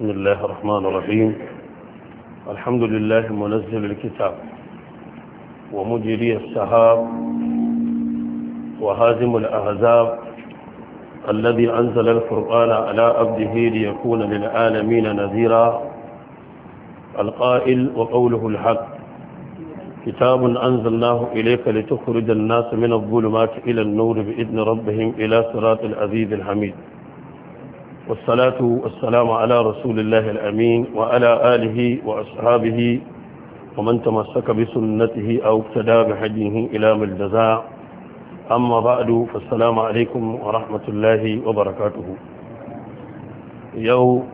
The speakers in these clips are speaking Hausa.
بسم الله الرحمن الرحيم الحمد لله منزل الكتاب ومجري السحاب وهازم الأهزاب الذي أنزل القرآن على عبده ليكون للعالمين نذيرا القائل وقوله الحق كتاب أنزلناه إليك لتخرج الناس من الظلمات إلى النور بإذن ربهم إلى صراط العزيز الحميد والصلاة والسلام على رسول الله الأمين وعلى آله وأصحابه ومن تمسك بسنته أو ابتدى بحجه إلى ملجزاء أما بعد فالسلام عليكم ورحمة الله وبركاته يوم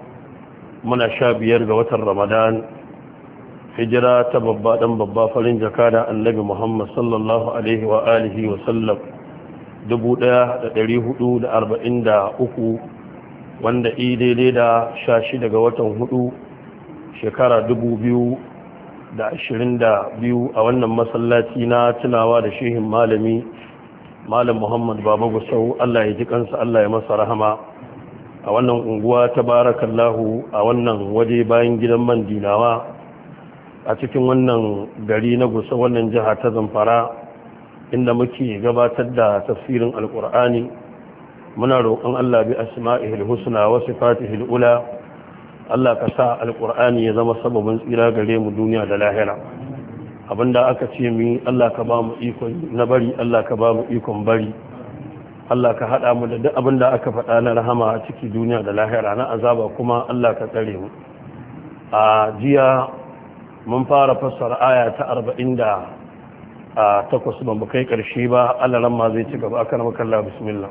من أشاب يرغوة الرمضان hijira ta babba dan babba farin jaka da annabi Muhammad sallallahu alaihi wa alihi wa sallam 1443 wanda i daidai da sha shi daga watan hudu shekara dubu biyu da ashirin da biyu a wannan masallaci na tunawa da shehin malami malam muhammad baba gusau allah ya ji kansa allah ya masa rahama a wannan unguwa ta barakallahu a wannan waje bayan gidan man dinawa a cikin wannan gari na gusau wannan jiha ta zamfara inda muke gabatar da tafsirin alkur'ani muna roƙon Allah bi asma'ihil husna wa sifatihil ula Allah ka sa alqur'ani ya zama sababin tsira gare mu duniya da lahira abinda aka ce mi Allah ka ba mu ikon na bari Allah ka ba mu ikon bari Allah ka hada mu da duk abinda aka faɗa na rahama a ciki duniya da lahira na azaba kuma Allah ka tsare mu a jiya mun fara fassara aya ta 40 da a takwas ban kai ƙarshe ba Allah ma zai ci gaba akan makalla bismillah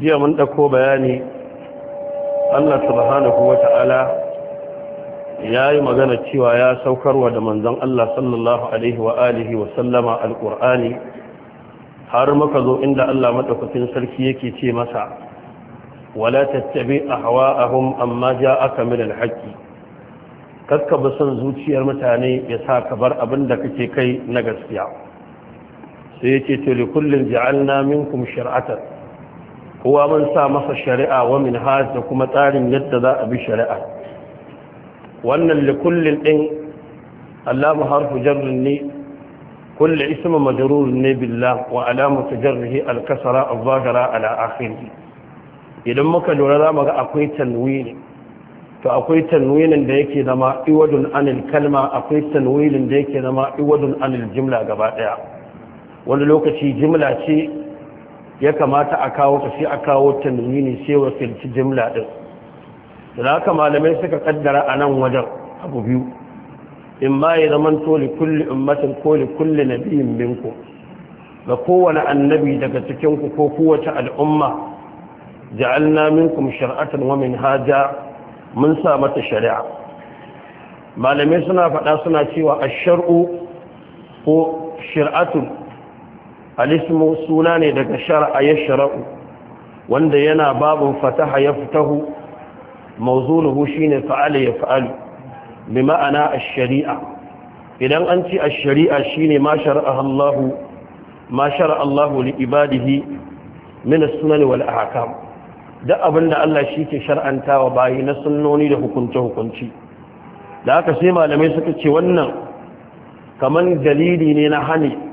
jiya mun ɗauko bayani Allah subhanahu wa ta'ala ya yi magana cewa ya saukarwa da manzan Allah sallallahu Alaihi wa alihi wa sallama al'ur'ani har maka zo inda Allah maɗaukacin sarki yake ce masa wala tattabi a hawa ahun amma ja aka min alhaƙi kakka bi son zuciyar mutane ya sa ka bar abin da kake kai na gaskiya sai yace to likullin kullin ja'alna minkum kowa mun sa masa shari'a wa min da kuma tsarin yadda za a bi shari'a wannan likullin din allamu harfu jarrin ne kull ismu majrur ne billah wa alamatu jarrihi al-kasra al ala akhirih idan muka lura mu ga akwai tanwini to akwai tanwinin da yake zama iwadun anil kalma akwai tanwinin da yake zama iwadun anil jumla gaba daya wani lokaci jimla ce ya kamata a kawo ta sai a kawo tanwini sai wakilci jimla ɗin. da haka malamai suka kaddara a nan wajen abu biyu in ma ya zama toli kulli ummatin ko li na biyun binku? ga kowane annabi daga cikin ko kowace al'umma ja'alna minkum shar'atan wa minhaja mun sa mata shari'a malamai suna faɗa suna cewa ash-shar'u ko shir'atun alismu suna ne daga shara'a ya shara'u wanda yana babin fataha ya fitahu mawzunuhu shine fa'ala ya fa'alu bi ma'ana a sharia idan an ci a sharia shine ne ma shara'a Allah li ibadihi min as-sunan wal ahkam da abinda Allah shike shar'antawa bayi na sunnoni da hukunce hukunci da haka sai malamai suka ce wannan kaman dalili ne na hani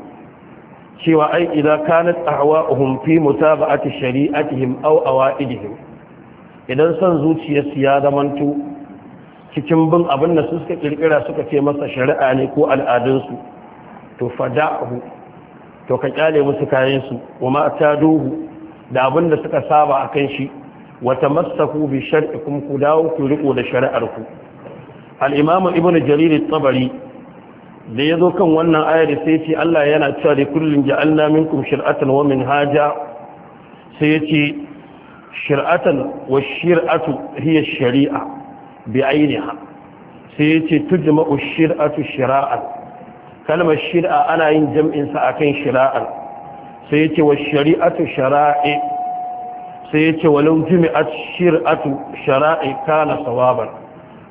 cewa ai idan kanat ahwa'uhum fi mutaba'ati shari'atihim aw awa'idihim idan son zuciyarsu ya zamanto cikin bin abin da suka kirkira suka ce masa shari'a ne ko al'adunsu to fada'u to ka kyale musu kayan su kuma duhu da abin da suka saba akan shi wa tamassaku bi shar'ikum ku dawo ku riko da shari'ar ku al-imam ibnu jarir at-tabari da ya zo kan wannan ayar sai ce Allah yana cewa da kullum ja'alna minkum shir'atan wa haja. sai ce shir'atan wa shir'atu hiya shari'a bi ainiha sai ce tujma'u ushir'atu shira'an kalmar shir'a ana yin jam'in sa akan shira'an sai ce wa shari'atu shara'i sai ce walau jumi'at shir'atu shara'i kana sawaban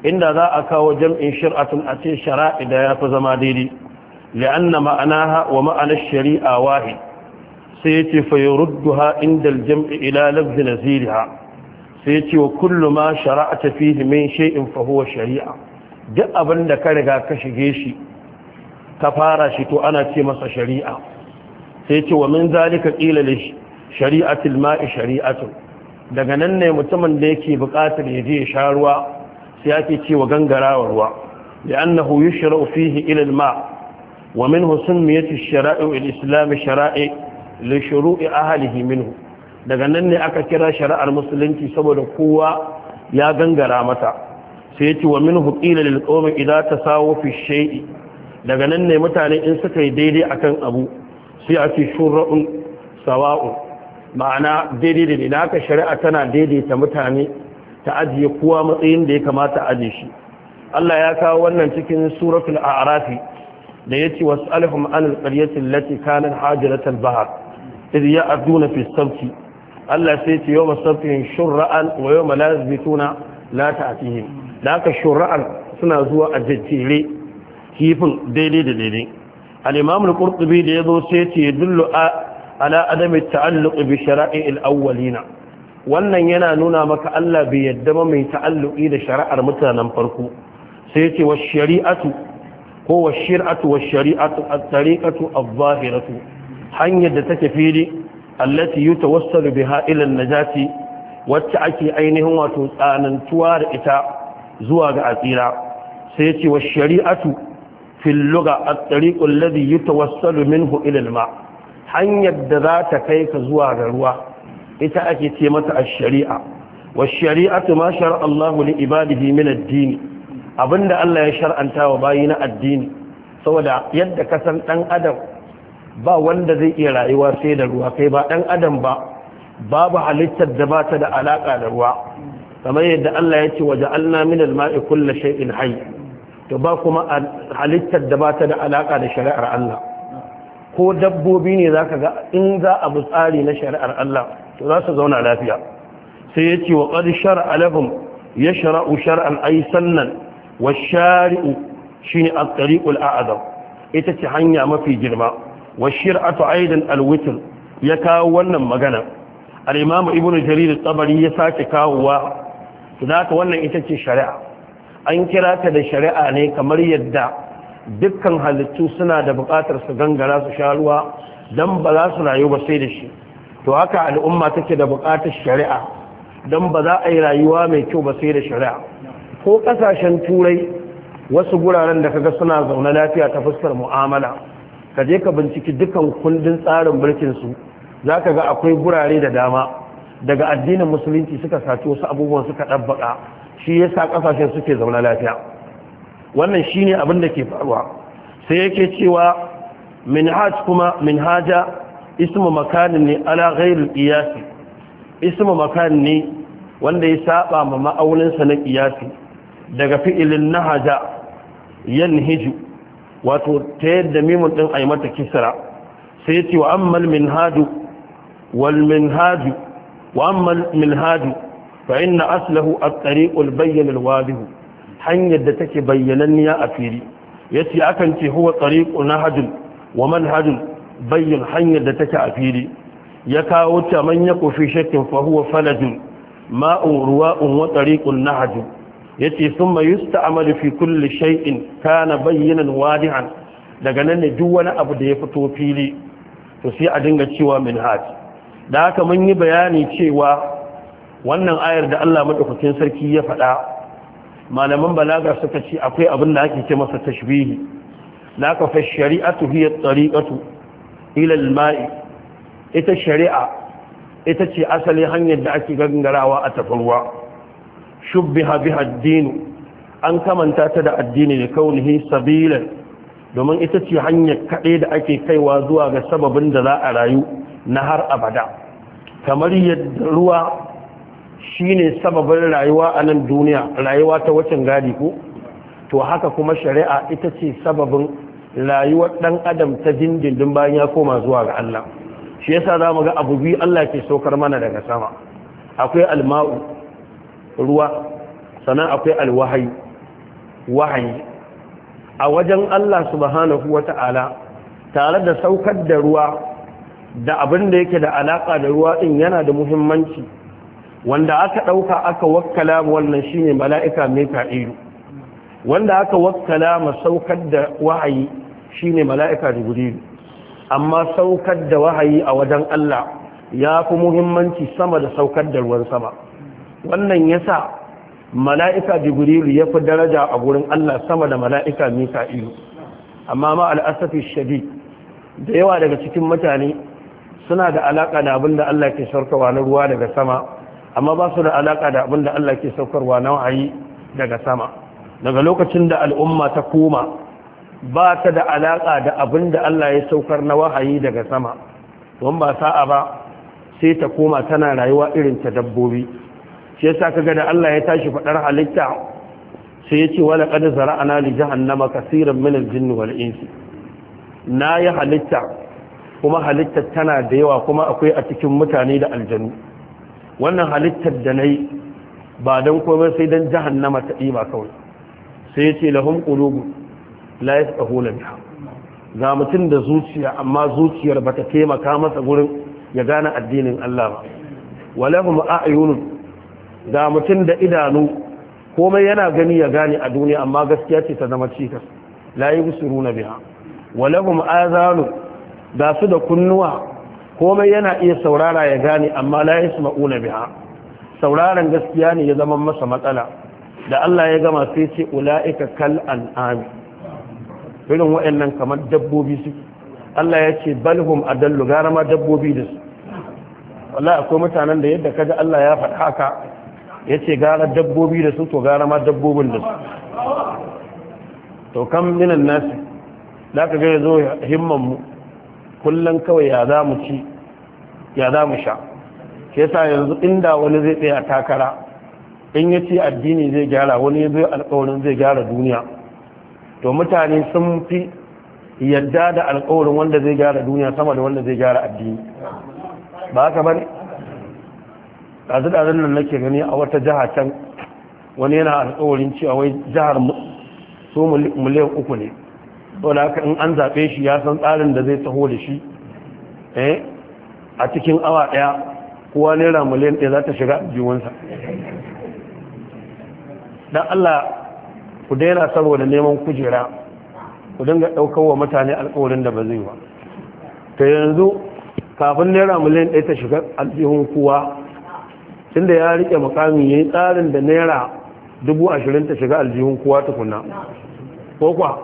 inda za a kawo jam'in shir'atun a ce shara'i da ya fi zama daidai li'anna ma'anaha wa ma'anar shari'a wahi sai ya ce fayarudduha inda jam'i ila lafzi naziriha sai ya ce wa kullu ma shara'a ta fi min shay'in fahuwa shari'a duk abin da ka riga ka shige shi ka fara shi to ana ce masa shari'a sai ce wa min zalika qila li ma'i daga nan ne mutumin da yake buƙatar ya je ya sha ruwa sai ake cewa gangarawa ruwa li'annahu yushra'u fihi ila al-ma wa minhu summiyat ash al-islam shara'i li shuru'i ahlihi minhu daga nan ne aka kira shari'ar musulunci saboda kowa ya gangara mata sai yace wa minhu qila lil qawmi idza tasawu fi shay'i daga nan ne mutane in suka yi daidai akan abu sai a ce shura'un sawa'u. ma'ana daidai da haka shari'a tana daidaita mutane ta ajiye kowa matsayin da ya kamata a ajiye shi Allah ya kawo wannan cikin suratul a'rafi da yace was'alhum anil qaryati allati kanat hajiratal bahr idh ya'duna fi sabti Allah sai yace yawma sabtihim shur'an wa yawma la yazbituna la ta'tihim da haka shur'an suna zuwa a jajjere kifin daidai da daidai al-imam al-qurtubi da yazo sai yace yadullu ala adami ta'alluq bi shara'il awwalina wannan yana nuna maka Allah bai yadda ba mai ta'alluki da shari'ar mutanen farko sai ce wa shari'atu ko wa shir'atu wa shari'atu at-tariqatu a dhahiratu hanyar da take fili allati yutawassalu biha ila na najati wacce ake ainihin wato tsanantuwa da ita zuwa ga asira sai ce wa shari'atu fil lugha at-tariqu yi ta wasu ila al-ma' hanyar da za ta kai ka zuwa ga ruwa ita ake ce mata a sharia wash-shari'atu ma shar'a Allahu li ibadihi min ad-din abinda Allah ya shar'anta wa bayi na addini saboda yadda ka san dan adam ba wanda zai iya rayuwa sai da ruwa kai ba dan adam ba babu halittar da ba ta da alaka da ruwa kamar yadda Allah ya ce waje min al-ma'i kullu shay'in hayy to ba kuma halittar da ba ta da alaka da shari'ar Allah ko dabbobi ne zaka ga in za a bu tsari na shari'ar Allah to za su zauna lafiya sai ya ce wa ƙar shar'a lahum ya shara'u shar'an ai sannan wa shari'u shine at-tariqul a'zam ita ce hanya mafi girma wa shir'atu aidan al ya kawo wannan magana al-imam ibn jarir tabari ya sake kawowa zaka wannan ita ce shari'a an kira ta da shari'a ne kamar yadda dukkan halittu suna da buƙatar su gangara su sha ruwa dan ba za su rayu ba sai da shi to haka al'umma take da bukatar shari'a don ba za a yi rayuwa mai kyau ba sai da shari'a ko kasashen turai wasu guraren da kaga suna zaune lafiya ta fuskar mu'amala ka je ka binciki dukan kundin tsarin mulkin su za ka ga akwai gurare da dama daga addinin musulunci suka sace wasu abubuwan suka ɗabbaƙa shi ya yasa ƙasashen suke zaune lafiya wannan shine abin da ke faruwa sai yake cewa min minhaj kuma min haja. ismu makanin ne ala ghairul qiyasi ismu makan ne wanda ya saba ma ma'auninsa na qiyasi daga fi'ilin nahaja yanhiju wato ta yadda mimun din ay mata kisra sai ce wa ammal minhaju wal minhaju wa ammal minhaju fa inna aslahu at-tariqul bayyin al-wadih hanyar da take bayyananniya a fili yace akan ce huwa tariqun nahajun wa manhajun bayyin hanyar da take a fili ya kawo ta man ya kofi shakkin fahuwa falajin ma'u ruwa'un wa tariqun nahj yace ce sun yusta fi kulle shay'in kana bayyanan wadihan daga nan ne duk wani abu da ya fito fili to sai a dinga cewa min haji da haka mun yi bayani cewa wannan ayar da Allah madaukakin sarki ya faɗa malaman balaga suka ce akwai abin da ake ce masa tashbihi laka fa shari'atu hiya tariqatu ilal ma'i ita shari'a ita ce asali hanyar da ake gangarawa a tafarwa shubbiha biha an kamanta ta da addini da kaunihi sabilan domin ita ce hanyar kaɗai da ake kaiwa zuwa ga sababin da za a rayu na har abada kamar yadda ruwa shine sababin rayuwa a nan duniya rayuwa ta wacin gadi ko to haka kuma shari'a ita ce sababin rayuwar ɗan adam ta dindindin bayan ya koma zuwa ga Allah shi yasa za mu ga abu biyu Allah ke saukar mana daga sama akwai alma'u ruwa sannan akwai alwahayi wahayi a wajen Allah subhanahu wata'ala tare da saukar da ruwa da abin da yake da alaka da ruwa ɗin yana da muhimmanci wanda aka ɗauka aka wakkala wannan shine mala'ika mai ka'iru wanda aka wakkala ma saukar da wahayi shine mala'ika jibril amma saukar da wahayi a wajen Allah ya fi muhimmanci sama da saukar da ruwan sama wannan yasa mala'ika jibril ya fi daraja a gurin Allah sama da mala'ika mika'ilu amma ma al'asafi shadid da yawa daga cikin mutane suna da alaƙa da abin Allah ke saukarwa na ruwa daga sama amma ba su da alaƙa da abin Allah ke saukarwa na wahayi daga sama daga lokacin da al'umma ta koma ba ta da alaƙa da abin da Allah ya saukar na wahayi daga sama don ba sa'a ba sai ta koma tana rayuwa irin ta dabbobi shi yasa kaga da Allah ya tashi faɗar halitta sai ya ce wala qad zara'ana li jahannama kaseeran min al-jinni wal insi na ya halitta kuma halittar tana da yawa kuma akwai a cikin mutane da aljanu wannan halittar da na yi ba don komai sai don jahannama ta ɗiba kawai sai ya ce lahum qulubu la yafqahuna biya ga mutum da zuciya amma zuciyar ba ta taimaka masa gurin ya gane addinin Allah ba walahum a'yunun ga mutum da idanu komai yana gani ya gane a duniya amma gaskiya ce ta zama cikas layi la yusiruna biya walahum azanu ga su da kunnuwa komai yana iya saurara ya gane amma layi su ma'una biya sauraron gaskiya ne ya zama masa matsala da Allah ya gama sai ce ula'ika kal an'ami irin waɗannan kamar dabbobi su Allah ya ce balhum adallu gara ma dabbobi da su wallahi akwai mutanen da yadda kaji Allah ya faɗa haka ya ce gara dabbobi da su to gara ma dabbobin da su to kam minan nasu da ka gaya zo himman mu kullum kawai ya za mu ci ya za mu sha ke sa yanzu inda wani zai tsaya takara in ya ce addini zai gyara wani zai alkawarin zai gyara duniya to mutane sun fi yadda da alkawarin wanda zai gyara duniya sama da wanda zai gyara addini ba haka bane ɗazu-ɗazun nan nake gani a wata jiha can wani yana alkawarin cewa wai jihar su miliyan uku ne da haka in an zaɓe shi ya san tsarin da zai taho da shi eh, a cikin awa ɗaya kowa naira miliyan ɗaya za ta shiga jiwonsa dan Allah ku daina saboda neman kujera ku dinga daukar wa mutane alƙawarin da ba zai ba ta yanzu kafin naira miliyan ɗaya ta shiga aljihun kuwa tunda ya rike ya yi tsarin da naira dubu ashirin ta shiga aljihun kuwa tukuna ko kwa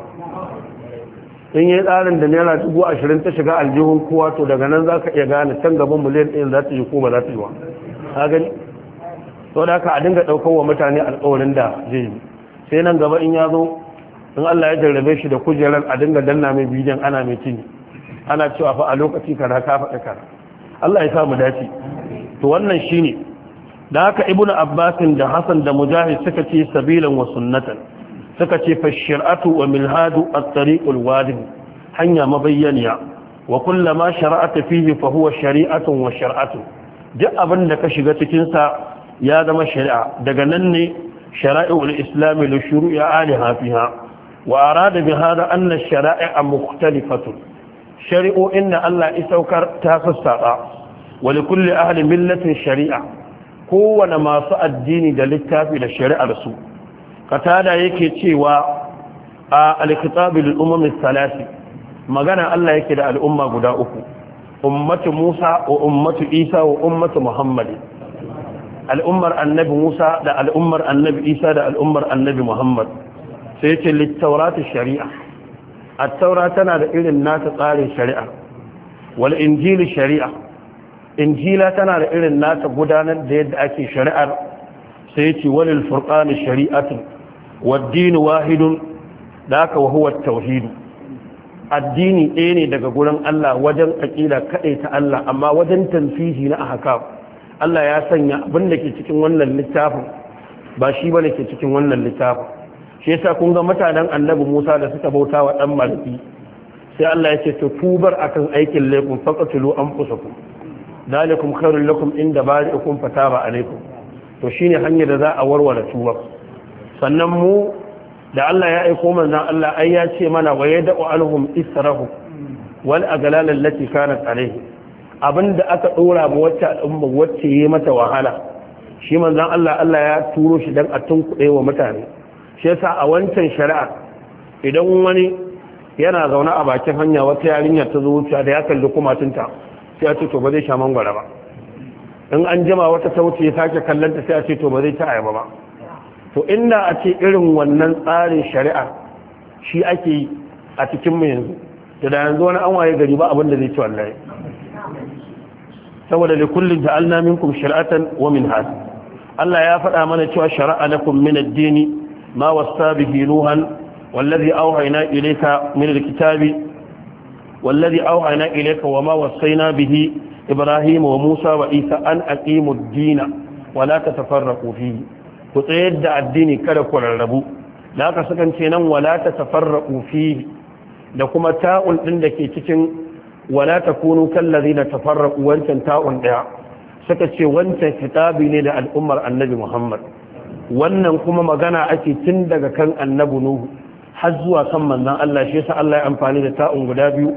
in yi tsarin da naira dubu ashirin ta shiga aljihun kuwa to daga nan za ka iya gane can gaban miliyan ɗaya za ta yi ko ba za ta yi wa ka gani to da ka a dinga ɗaukar wa mutane alƙawarin da zai yi sai nan gaba in ya zo in Allah ya jarrabe shi da kujerar a dinga danna mai bidiyon ana mai cini ana cewa fa a lokaci kaza ka faɗa kaza Allah ya samu mu dace to wannan shine da haka ibnu Abbas da hasan da mujahid suka ce sabilan wa sunnatan suka ce fa shir'atu wa milhadu at-tariqul wajib hanya mabayyaniya wa kullama shar'ata fihi fa huwa shari'atun wa shar'atu duk abin da ka shiga cikin sa ya zama shari'a daga nan ne shari'ul islami da shuru ya ali hafiha wa arada bi hada anna shari'a mukhtalifatun shari'o'in da Allah ya saukar ta sassaba wa li kulli ahli millatin shari'a kowane masu addini da littafi da shari'ar su katada yake cewa a al-kitab lil umam magana Allah yake da al'umma guda uku ummatu Musa wa ummatu Isa wa ummatu Muhammad al'ummar annabi Musa da al'ummar annabi Isa da al'ummar annabi Muhammad sai yace littaurata shari'a at-taura tana da irin nata tsarin shari'a wal injili shari'a injila tana da irin nata gudanar da yadda ake shari'ar sai yace walil furqani shari'atu wad wahidun daka wa huwa tauhid addini ɗaya ne daga gurin Allah wajen aƙida kaɗai ta Allah amma wajen tanfihi na ahkam Allah ya sanya abin da ke cikin wannan littafin ba shi bane ke cikin wannan littafin shi yasa kun ga mutanen annabi Musa da suka bauta wa dan maliki sai Allah ya ce to tubar akan aikin laifin faqatulu anfusakum dalikum khairul lakum inda bari'ukum fataba alaikum to shine hanyar da za a warware tuwa. sannan mu da Allah ya aiko manzon Allah ai ya ce mana wa yad'u alhum israhu wal aghlal allati kanat alaihi abin da aka ɗora ma wacce al'umma wacce ya mata wahala shi manzon Allah Allah ya turo shi dan a tunkuɗe wa mutane shi yasa a wancan shari'a idan wani yana zaune a bakin hanya wata yarinya ta zo wuce da ya kalli kumatunta sai ya ce to ba zai sha mangwara ba in an jima wata ta wuce ya sake kallonta sai ya ce to ba zai ta ayaba ba to inda a ce irin wannan tsarin shari'a shi ake yi a cikin mu yanzu da da yanzu wani an waye gari ba abin da zai ci wallahi saboda da kullum ja'alna minkum shari'atan wa minhaj Allah ya faɗa mana cewa shari'a lakum min ad-dini ma wasa bihi nuhan wallazi awhayna ilayka min al-kitabi wallazi awhayna ilayka wa ma wasaina bihi Ibrahim wa musa wa isa an aqimu ad-din wa la tatafarraqu fihi ku tsayar da addini kada ku rarrabu da haka sukan ce nan wala tatafarraqu fihi da kuma ta'ul din da ke cikin wala kallari na tafarraqu wancan ta'un ɗaya. suka ce wancan kitabi ne da al'ummar annabi Muhammad wannan kuma magana ake tun daga kan annabi Nuhu har zuwa kan manzon Allah shi yasa Allah ya amfani da ta'un guda biyu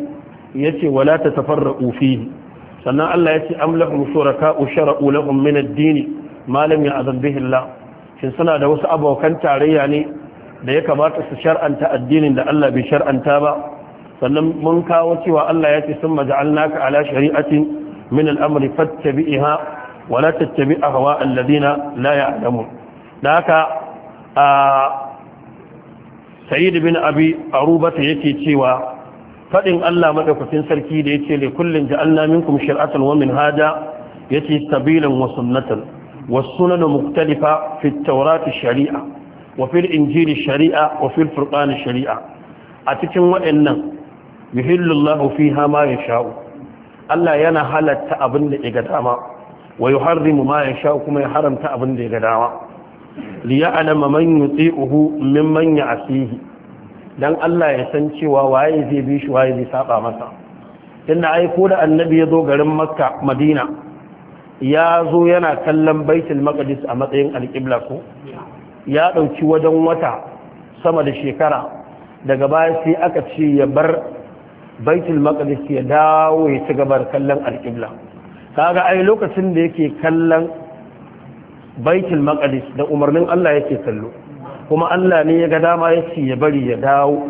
yace wala tatafarraqu fihi sannan Allah ce am lahum shuraka'u shara'u lahum min ad-din ma lam bihi Allah shin suna da wasu abokan tarayya ne da ya kamata su shar'anta addinin da Allah bai shar'anta ba sannan mun kawo cewa Allah ya ce sun maja'alnaka ala shari'atin min al'amri fattabi'iha wa la tattabi ahwa alladhina la ya'lamun da haka a sayyid bin abi arubata yake cewa faɗin Allah madaukakin sarki da yace li kullin ja'alna minkum shir'atan wa ya ce sabilan wa sunnatan wa sunan mukhtalifa fi at sharia wa fil Injili sharia wa fil furqan sharia a cikin waɗannan yuhillullahu fiha ma yasha'u Allah yana halatta abin da ya ga dama wa yuharrimu ma yasha'u kuma ya haramta abin da ya ga dama li ya'lama man yuti'uhu mimman ya'sihi dan Allah ya san cewa waye zai bi shi waye zai saba masa tunda ai ko da annabi ya zo garin Makka Madina ya zo yana kallon Baitul Maqdis a matsayin alƙibla ko ya dauki wajen wata sama da shekara daga baya sai aka ce ya bar baitul maqdis ya dawo ya ci gaba kallon alƙibla kaga ai lokacin da yake kallon baitul maqdis da umarnin Allah yake kallo kuma Allah ne ya ga dama ya ci ya bari ya dawo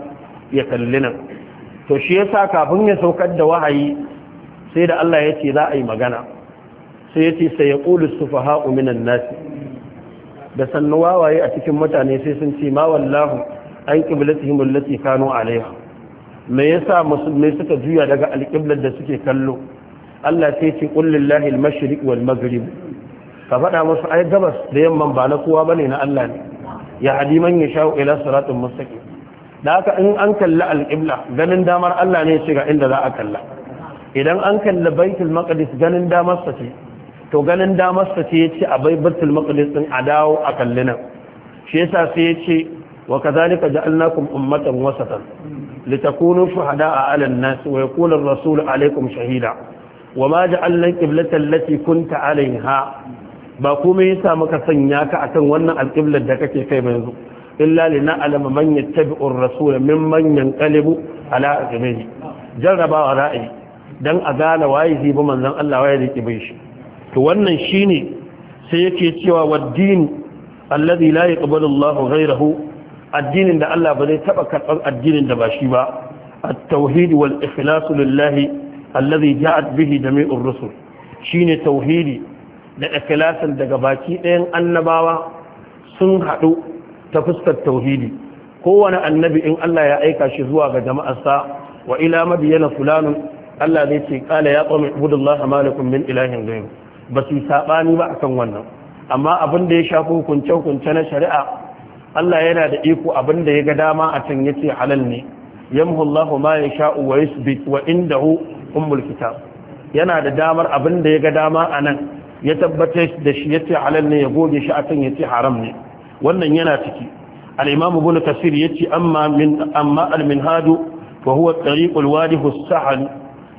ya kalli nan to shi yasa kafin ya saukar da wahayi sai da Allah ya ce za a yi magana sai ya ce sai ya ƙulu sufaha'u minan nasi da sannu wawaye a cikin mutane sai sun ce ma wallahu an ƙiblatihim allati kanu alaiha me yasa musulmai suka juya daga alƙiblar da suke kallo Allah sai ce qul lillahi al-mashriq wal maghrib ka faɗa musu ai gabas da yamman ba na kowa bane na Allah ne ya hadi man yashau ila siratin mustaqim da haka in an kalla alƙibla ganin damar Allah ne ce ga inda za a kalla idan an kalla baitul maqdis ganin damar sa ce to ganin damar sa ce yace a bai baitul maqdis din a dawo a kalli nan shi yasa sai yace wa kadhalika ja'alnakum ummatan wasatan litakunu shuhada'a 'ala an-nas wa yaqulu ar-rasulu alaikum shahida wama ja'alna al-qiblata kun kunta 'alayha ba kuma yasa muka sanya ka akan wannan al da kake kai ba yanzu illa lina'lama man yattabi'u ar min mimman yanqalibu 'ala aqbihi jarrabawa ra'ayi dan a gane waye zai bi manzon Allah waye zai kibe shi to wannan shine sai yake cewa waddin alladhi la yaqbalu Allahu ghayrahu addinin da Allah ba zai taba karɓar addinin da ba shi ba at-tauhid wal ikhlas lillahi alladhi ja'at bihi jami'ur rusul shine tauhidi da ikhlasin daga baki ɗayan annabawa sun haɗu ta fuskar tauhidi kowane annabi in Allah ya aika shi zuwa ga jama'arsa wa ila madiyana fulanun Allah zai ce kala ya qawmi ibudullaha ma lakum min ilahin ghayr ba su sabani ba akan wannan amma abin da ya shafi hukunce hukunce na shari'a Allah yana da iko abin da ya ga dama a can yace halal ne yamhu Allahu ma sha wa yusbit wa indahu ummul kitab yana da damar abin da ya ga dama a nan ya tabbatar da shi yace halal ne ya goge shi a can yace haram ne wannan yana ciki al-imam ibn kasir yace amma min amma al-minhadu wa huwa at-tariq al as-sahal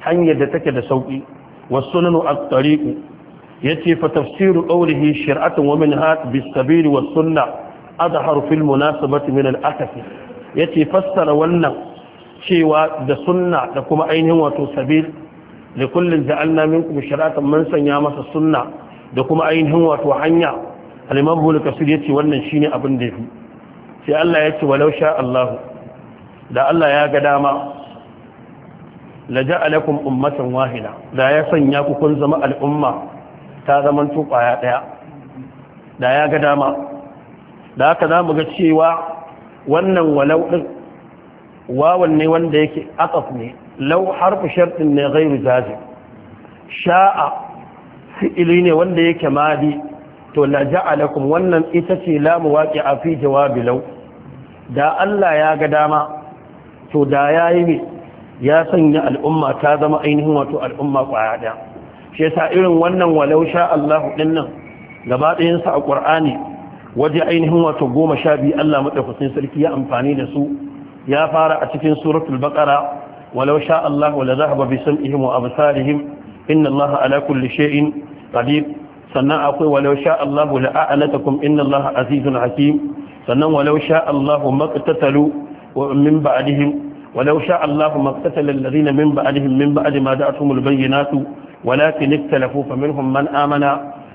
hanyar da take da sauki wa sunanu at-tariq yace fa tafsiru qawlihi shir'atan wa minhad bis-sabil was-sunnah azhar fil munasabati min al-akasi yace fassara wannan cewa da sunna da kuma ainihin wato sabil da kullun ja'alna minkum shiratan man sanya masa sunna da kuma ainihin wato hanya al-imam ibn yace wannan shine abin da yafi sai Allah yace walau sha Allah da Allah ya ga dama la ja'alakum ummatan wahida da ya sanya ku kun zama al'umma ta zaman tuƙaya daya da ya ga dama da haka za mu ga cewa wannan walau ɗin wawan ne wanda yake atsaf ne lau harfi shartin ne gairu zazi sha'a fi'ili ne wanda yake Mahadi to la ja'alakum wannan ita ce lamu waƙi a fi jawabi lau da Allah ya ga dama to da ya yi ne ya sanya al'umma ta zama ainihin wato al'umma ƙwaya ɗaya shi yasa irin wannan walau sha Allah ɗin nan gaba ɗayansa a ƙurani waje ainihin wato goma sha biyu Allah maɗaukacin sarki ya amfani da su ya fara a cikin suratul baqara walau sha Allah wala zahaba bi sam'ihim wa absarihim inna Allah ala kulli shay'in qadir sannan akwai walau sha Allah la a'latakum inna Allah azizun hakim sannan walau sha Allah maqtatalu min ba'dihim ولو شاء الله ما اقتتل الذين من بعدهم من بعد ما جاءتهم البينات ولكن اختلفوا فمنهم من آمن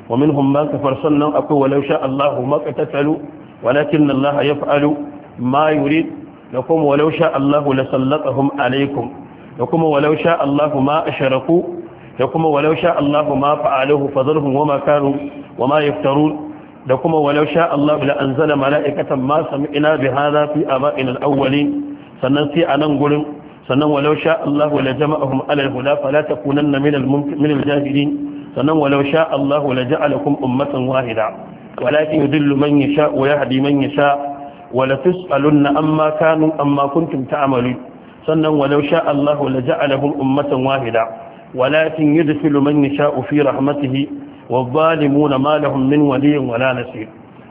wa minhum man kafar sannan akwai walau sha Allahu ma qatatalu walakin Allah yaf'alu ma yurid da kuma walau sha Allahu la sallatahum alaikum da kuma walau sha Allahu ma asharaku da kuma walau sha Allahu ma fa'aluhu fadharhum wama kanu wama yaftarun da kuma walau sha Allahu la anzala mala'ikatan ma sami'na bihadha fi aba'ina al-awwalin sannan sai a nan gurin sannan walau sha Allahu la ala jahilin sannan walau sha Allah la ja'alakum ummatan wahida walakin yudillu man yasha wa yahdi man yasha wa la tus'alunna amma kanu amma kuntum ta'malun sannan walau sha Allah la ja'alakum ummatan wahida walakin yudkhilu man yasha fi rahmatihi wadh-dhalimuna ma lahum min waliyyin wala nasir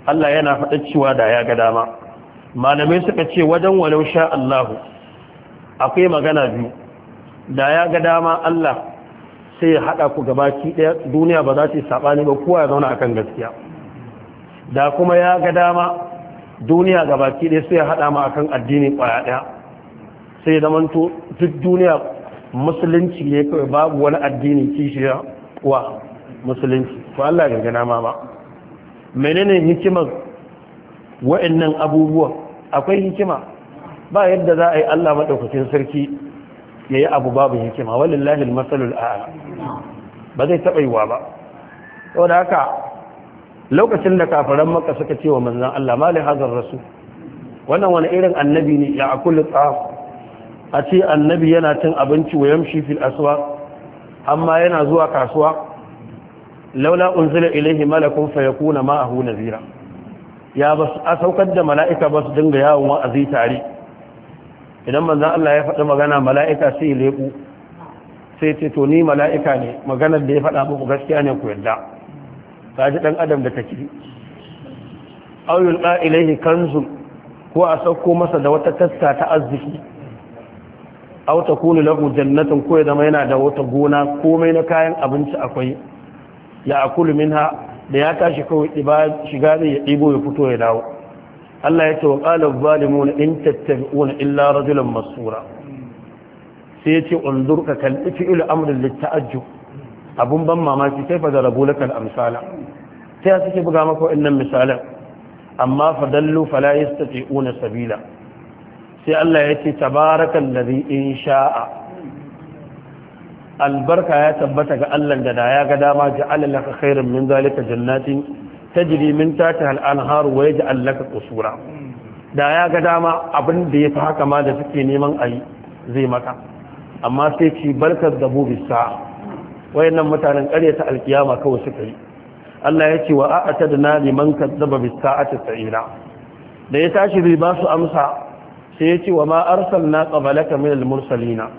Allah yana faɗa cewa da ya ga dama malamai suka ce wajen walau sha Allah akwai magana biyu da ya ga dama Allah sai ya hada ku gabaki daya duniya ba za ta yi saɓani ba kowa ya zauna akan gaskiya da kuma ya ga dama duniya gabaki ɗaya sai ya hada mu akan addini kwaya daya sai zamanto duk duniya musulunci ne kawai babu wani addini kishiya wa musulunci to Allah ga gana ma ba menene hikimar wa'annan abubuwan akwai hikima ba yadda za a yi Allah maɗaukacin sarki ya yi abu babu hikima walillahi masalul a'ala ba zai taɓa yiwa ba da haka lokacin da kafaran maka suka ce wa manzan Allah ma hazar rasu wannan wani irin annabi ne ya akullu tsaf a ce annabi yana cin abinci wa yamshi fil amma yana zuwa kasuwa laula unzila ilaihi malakun fayakuna ma'ahu nazira ya basu a saukar da mala'ika ba su dinga yawon wa'azi tare idan manzan Allah ya faɗi magana mala'ika sai ya leƙu sai ce to ni mala'ika ne maganar da ya faɗa muku gaskiya ne ku yadda ta ji ɗan adam da ta take auyul ƙa'ilaihi kanzu ko a sauko masa da wata taska ta arziki au ta kuni lagu jannatin ko ya zama yana da wata gona komai na kayan abinci akwai ya akulu minha da ya tashi kawai shiga zai ya ɗibo ya fito ya dawo Allah ya ce wa ƙalar zalimun in tattabi'un illa rajulan masura sai ya ce unzur ka kalli fi'il amrin litta'ajjub abun ban mamaki kai fa da rabu lakal amsala sai suke buga maka wa'annan misalan amma fa dallu fala yastati'una sabila sai Allah ya ce tabarakal ladhi in sha'a albarka ya tabbata ga Allah da da ya ga dama ja'ala laka khairan min zalika jannatin tajri min tahtiha al-anhar wa yaj'al laka qusura da ya ga dama abin da ya fi haka ma da suke neman ayi zai maka amma sai ci barkar da bubi wayannan mutanen ta alkiyama kawai suka yi Allah ya ce wa ka liman bisa a sa'ati sa'ira da ya tashi zai ba su amsa sai ya ce wa ma arsalna qablaka min al mursalina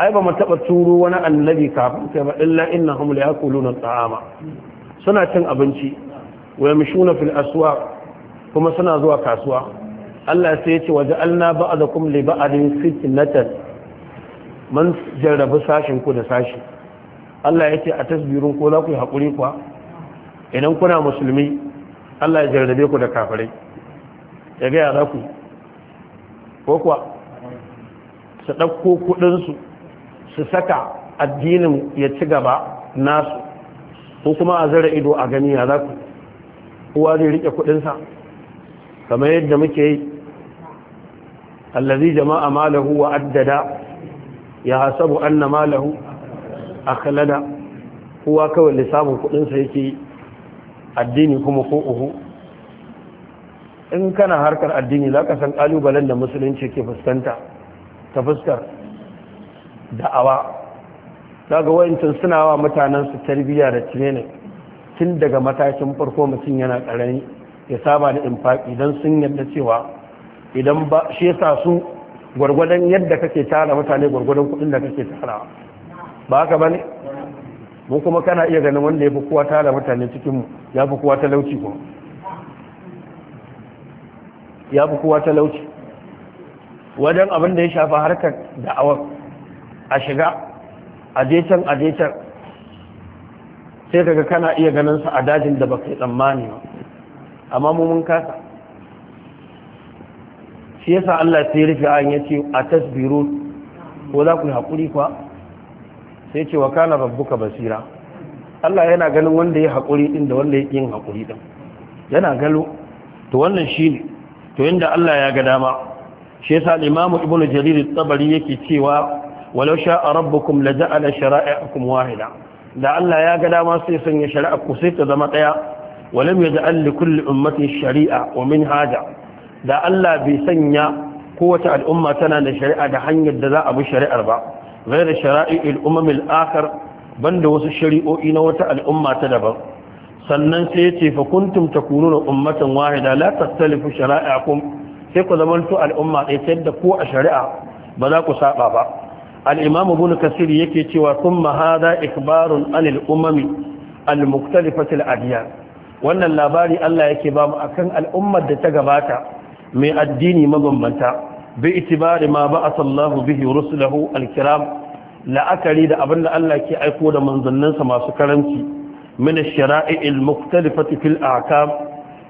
ai ba mu taɓa turo wani annabi kafin kai ba illa ya la yakuluna ta'ama suna cin abinci wa yamshuna fil aswaq kuma suna zuwa kasuwa Allah sai ya ce waja'alna ba'dakum li ba'din fitnatan man jarrabu sashin ku da sashi Allah ya ce a tasbirin ko za ku yi hakuri kuwa idan kuna musulmi Allah ya jarrabe ku da kafirai ya ga za ku ko kuwa su ɗauko kuɗinsu su saka addinin ya ci gaba nasu ko kuma a zara ido a gani ya za ku kowa zai rike kudinsa kamar yadda muke yi allazi jama'a malahu wa addada ya hasabu anna malahu akhlada kowa kawai lissafin kudinsa yake addini kuma ko uhu in kana harkar addini za ka san ƙalubalen da musulunci ke fuskanta ta fuskar da'awa daga wayancin suna wa mutanensu tarbiyya da training tun daga matakin farko mutum yana ƙarani ya saba da infaki don sun yadda cewa idan ba shi yasa su gwargwadon yadda kake tara mutane gwargwadon kuɗin da kake tara ba haka bane mun kuma kana iya ganin wanda ya fi kowa tara mutane cikin mu ya fi kowa talauci ko ya fi kowa talauci wajen abin da ya shafa harkar da'awar a shiga a je a je sai daga kana iya ganin su a dajin da kai tsammani ba amma mu mun kasa shi yasa Allah sai rufe an yace a tasbiru ko za ku hakuri kwa sai ce wa kana rabbuka basira Allah yana ganin wanda ya hakuri din da wanda ya yin hakuri din yana galo to wannan shi ne, to inda Allah ya ga dama shi yasa imam Ibn Jarir at-Tabari yake cewa walau sha'a rabbukum laja'ala shara'i'akum wahida da Allah ya ga dama sai sanya shari'a ku sai ta zama daya walam yaj'al li kulli ummatin shari'a wa minhaja da Allah bai sanya kowace al'umma tana da shari'a da hanyar da za a bi shari'ar ba ghayra shara'i'il umam al-akhar banda wasu shari'o'i na wata al'umma ta daban sannan sai yace fa kuntum takununa ummatan wahida la shari'a shara'i'akum sai ku zamanto al'umma ɗaya ta yadda ko a shari'a ba za ku saba ba alimam imam kasiri kasir yake cewa thumma hadha ikbarun anil umami al-mukhtalifati al-adyan wannan labari Allah yake ba mu akan al'ummar da ta gabata mai addini mabambanta bi itibari ma ba'a sallahu bihi rusulahu al-kiram la'akari da abin da Allah ke aiko da manzanninsa masu karanci min ash muktali al-mukhtalifati fil ahkam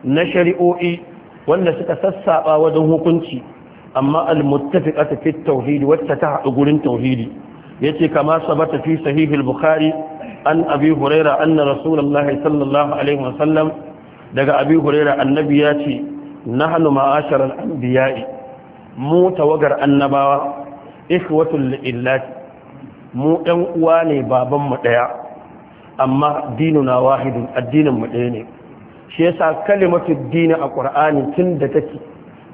na shari'o'i wanda suka sassaɓa wajen hukunci amma al-muttafiqatu fi at wacce ta haɗu gurin tauhidi yace kama sabata fi sahih al-bukhari an abi huraira anna rasulullahi sallallahu alaihi wasallam daga abi huraira annabi ya ce nahnu ma'asharal anbiya'i mu tawagar annabawa ikhwatul lillahi mu ɗan uwa ne babanmu ɗaya amma dinuna wahidun mu ɗaya ne shi yasa kalimatu dini a kur'ani tun da take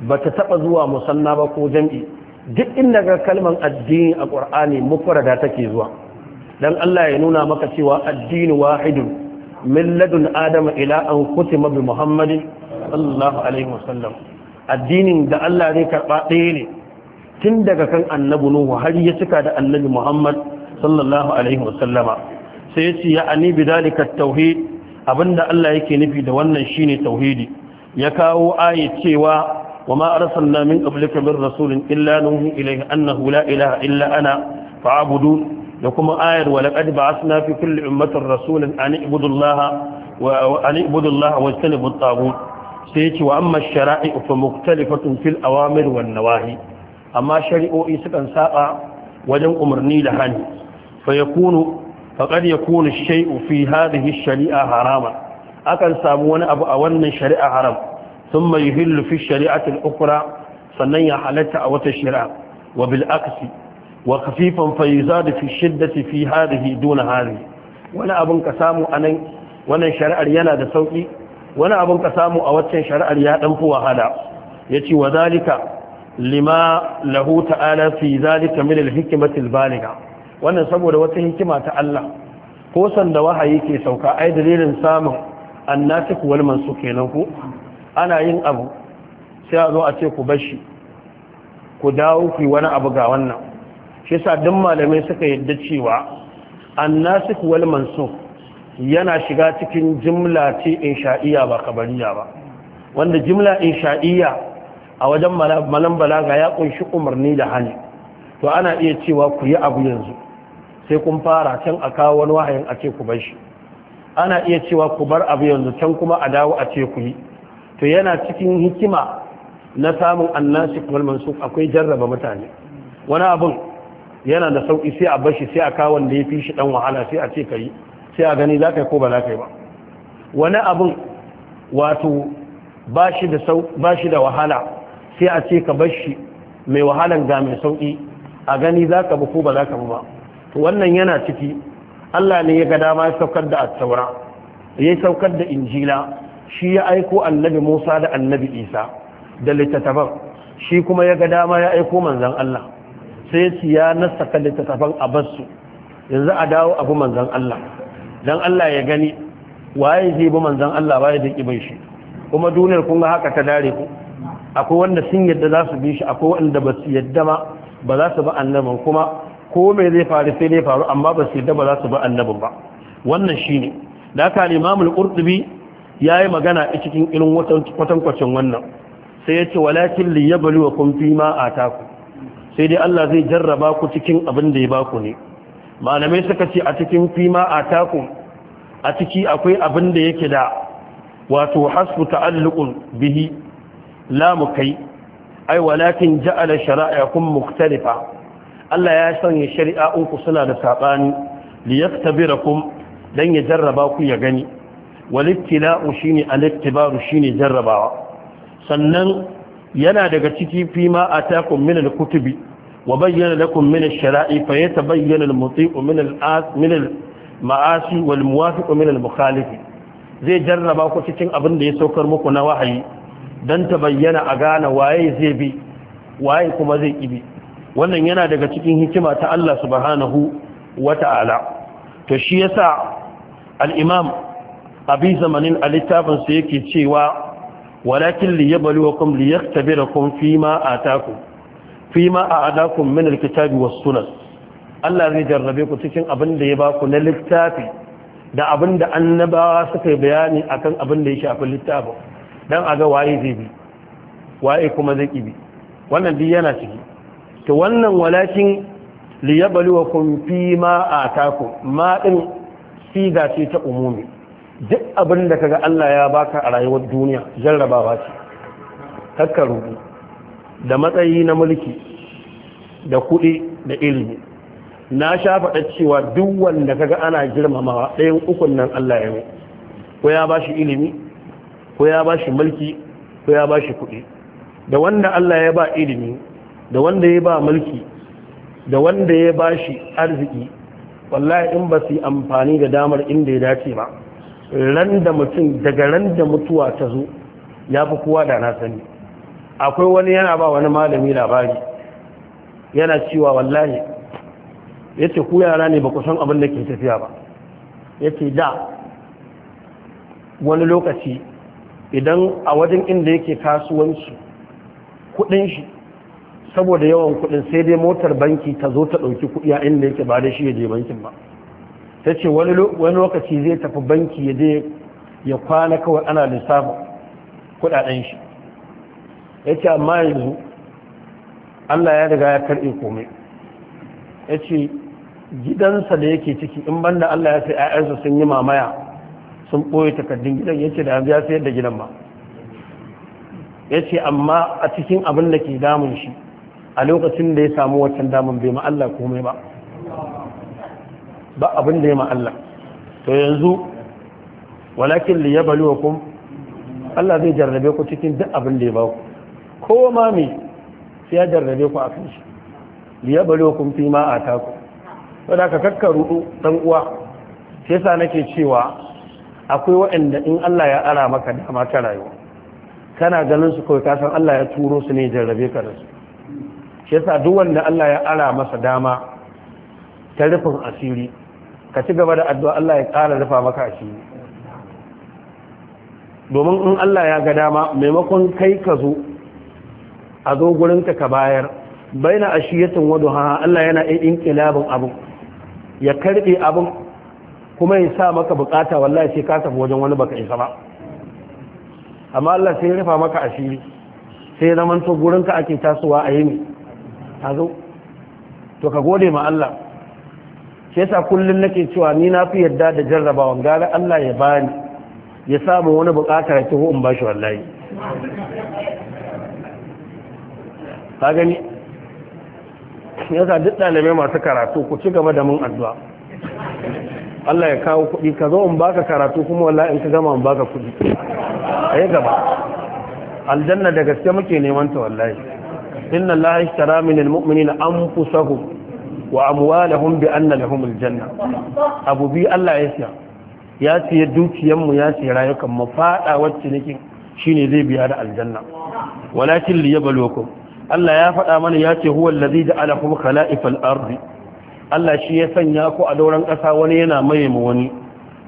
ba ta taɓa zuwa musanna ba ko jam'i duk inda ga kalmar addini a ƙur'ani mufrada take zuwa dan Allah ya nuna maka cewa addini wahidun min ladun adama ila an kutima bi muhammadin sallallahu alaihi wasallam addinin da Allah zai karɓa ɗaya ne tun daga kan annabi nuhu har ya cika da annabi muhammad sallallahu alaihi wasallama sai ya ce ya ani bi tauhid abinda Allah yake nufi da wannan shine tauhidi ya kawo ayi cewa وما أرسلنا من قبلك من رسول إلا نوحي إليه أنه لا إله إلا أنا فاعبدون لكم آية ولقد بعثنا في كل أمة رسولا أن اعبدوا الله وأن اعبدوا الله واجتنبوا الطاغوت سيتي وأما الشرائع فمختلفة في الأوامر والنواهي أما شريعوا إيسكا ساقا وجن أمرني لهاني فيكون فقد يكون الشيء في هذه الشريعة حراما أكن سامون أبو أولن شريعة حرام ثم يهل في الشريعة الأخرى فنن حالت أوت الشراء وبالعكس وخفيفا فيزاد في الشدة في هذه دون هذه ولا أبن كسامو أن ولا شرع لينا دا سوقي ولا أبن كسامو أوت شرع لينا هو هذا يتي وذلك لما له تعالى في ذلك من الحكمة البالغة wannan saboda wata hikima ta Allah ko sanda wahayi ke sauka ai dalilin samun annasik wal mansuk kenan ko ana yin abu sai a zo a ce ku bashi ku dawo ku wani abu ga wannan shi yasa duk malamai suka yadda cewa annasik wal mansukh yana shiga cikin jimla ce insha'iyya ba kabariya ba wanda jimla insha'iyya a wajen malam balaga ya kunshi umarni da hani to ana iya cewa ku yi abu yanzu sai kun fara can a kawo wani wahayin a ce ku bar ana iya cewa ku bar abu yanzu can kuma a dawo a ce ku yi to yana cikin hikima na samun annashi wal mansuk akwai jarraba mutane wani abun yana da sauki sai a bashi sai a kawo wanda ya fi shi dan wahala sai a ce ka yi sai a gani za ka yi ko ba za ka yi ba wani abun wato ba shi da wahala sai a ce ka bashi mai wahalan ga mai sauki a gani za ka bi ko ba za ka bi ba to wannan yana ciki Allah ne ya ga dama ya saukar da attaura ya saukar da injila shi ya aiko annabi Musa da annabi Isa da littattafan shi kuma ya ga dama ya aiko manzan Allah sai ya nasaka littattafan a basu yanzu a dawo abu manzan Allah don Allah ya gani waye zai bi manzan Allah waye zai kibin shi kuma duniyar kun ga haka ta dare ku akwai wanda sun yadda za su bi shi akwai wanda ba su yadda ma ba za su bi annabin kuma ko mai zai faru sai ne faru amma ba su yadda ba za su bi annabin ba wannan shine da haka Imam al-Qurtubi ya yi magana a cikin irin kwatankwacin wannan sai ya ce walakin liyabali wa kun ma a taku sai dai Allah zai jarraba ku cikin abin da ya baku ne malamai suka ce a cikin fi ma a taku a ciki akwai abin da yake da wato hasu ta'alluqun bihi Lamu kai. ai walakin ja'ala kun muktarifa Allah ya sanya shari'a shari'a'unku suna da sabani liyaktabirakum dan ya jarraba ku ya gani shi ne alittibaru shine jarrabawa sannan yana daga ciki fima a min al-kutubi wa bayyana lakum min ash-shara'i fa yatabayyana al-muti'u min al-as min al-ma'asi wal muwafiqu min al-mukhalif zai jarraba ku cikin abin da ya saukar muku na wahayi dan tabayyana a gane waye zai bi waye kuma zai bi wannan yana daga cikin hikima ta Allah subhanahu wata'ala to shi yasa al-imam abi zamanin a littafin sa yake cewa walakin li yabluwakum li yaktabirakum fima atakum fima a'adakum minar alkitabi was sunan. Allah zai jarrabe ku cikin abin da ya ba ku na littafi da abin da annabawa suka bayani a kan abin da ya shafi littafin dan aga waye zai bi waye kuma zai ƙi bi wannan duk yana ciki to wannan walakin liyabluwakum fima atakum ma din siga ce ta umumi duk abin da kaga Allah ya baka a rayuwar duniya jarrabawa ce kakka rubu da matsayi na mulki da kuɗi da ilimi na sha faɗa cewa duk wanda kaga ana girmamawa ɗayan ukun nan Allah ya yi ko ya bashi ilimi ko ya bashi mulki ko ya bashi kuɗi da wanda Allah ya ba ilimi da wanda ya ba mulki da wanda ya bashi arziki wallahi in ba su yi amfani da damar inda ya dace ba ran da mutum daga ran da mutuwa ta zo ya fi kowa da na sani akwai wani yana ba wani malami labari yana cewa wallahi ya ce ku yara ne ba kusan abin da ke tafiya ba ya ce da wani lokaci idan a wajen inda yake kasuwanci kudin shi saboda yawan kudin sai dai motar banki ta zo ta dauki kudi a inda yake ba da shi ya je bankin ba ta ce wani lokaci zai tafi banki ya je ya kwana kawai ana lissafin kudaden shi ya ce amma yanzu allah ya riga ya karbe komai ya ce gidansa da yake ciki in banda allah ya sai 'ayyarsa sun yi mamaya sun ɓoye takardun gidan ya ce da yanzu ya sayar da gidan ba ya ce amma a cikin abin da ke damun shi a lokacin da ya samu wancan damun bai ma allah komai ba ba abin da ya ma Allah to yanzu walakin li yabluwakum Allah zai jarrabe ku cikin duk abin da ya ba ku kowa ma me sai ya jarrabe ku akan shi li yabluwakum fi ma ataku wanda ka kakkaru dan uwa sai sa nake cewa akwai waɗanda in Allah ya ara maka dama ta rayuwa kana ganin su kawai kasan Allah ya turo su ne jarrabe ka da su shi sa duk wanda Allah ya ara masa dama ta rufin asiri ka ci gaba da addu'a Allah ya ƙara rufa maka shi domin in Allah ya ga dama maimakon kai ka zo a zo gurinka ka bayar baina ashiyatin wadu ha Allah yana in labin abu ya karbe abin kuma ya sa maka bukata wallahi sai ka tafi wajen wani baka isa ba amma Allah sai ya rufa maka asiri sai zaman to gurinka ake tasowa a yi ne a zo to ka gode ma Allah shi yasa kullum nake cewa ni na fi yadda da jarrabawan gara Allah ya bani ya samu wani bukatar ya taho in bashi wallahi ka gani yasa duk ɗalibai masu karatu ku ci gaba da mun addu'a Allah ya kawo kuɗi ka zo in baka karatu kuma wallahi in ka gama in baka kuɗi ayi gaba aljanna da gaske muke neman ta wallahi inna allaha ishtara min almu'minina anfusahum wa amwalahum bi anna lahum aljanna abu bi Allah ya siya ya siya dukiyar mu ya siya rayukan mu fada wacce nake shine zai biya da aljanna walakin liyabluwakum Allah ya faɗa mana ya ce huwa allazi ja'alakum khala'ifal ardi Allah shi ya sanya ku a dauran ƙasa wani yana maye mu wani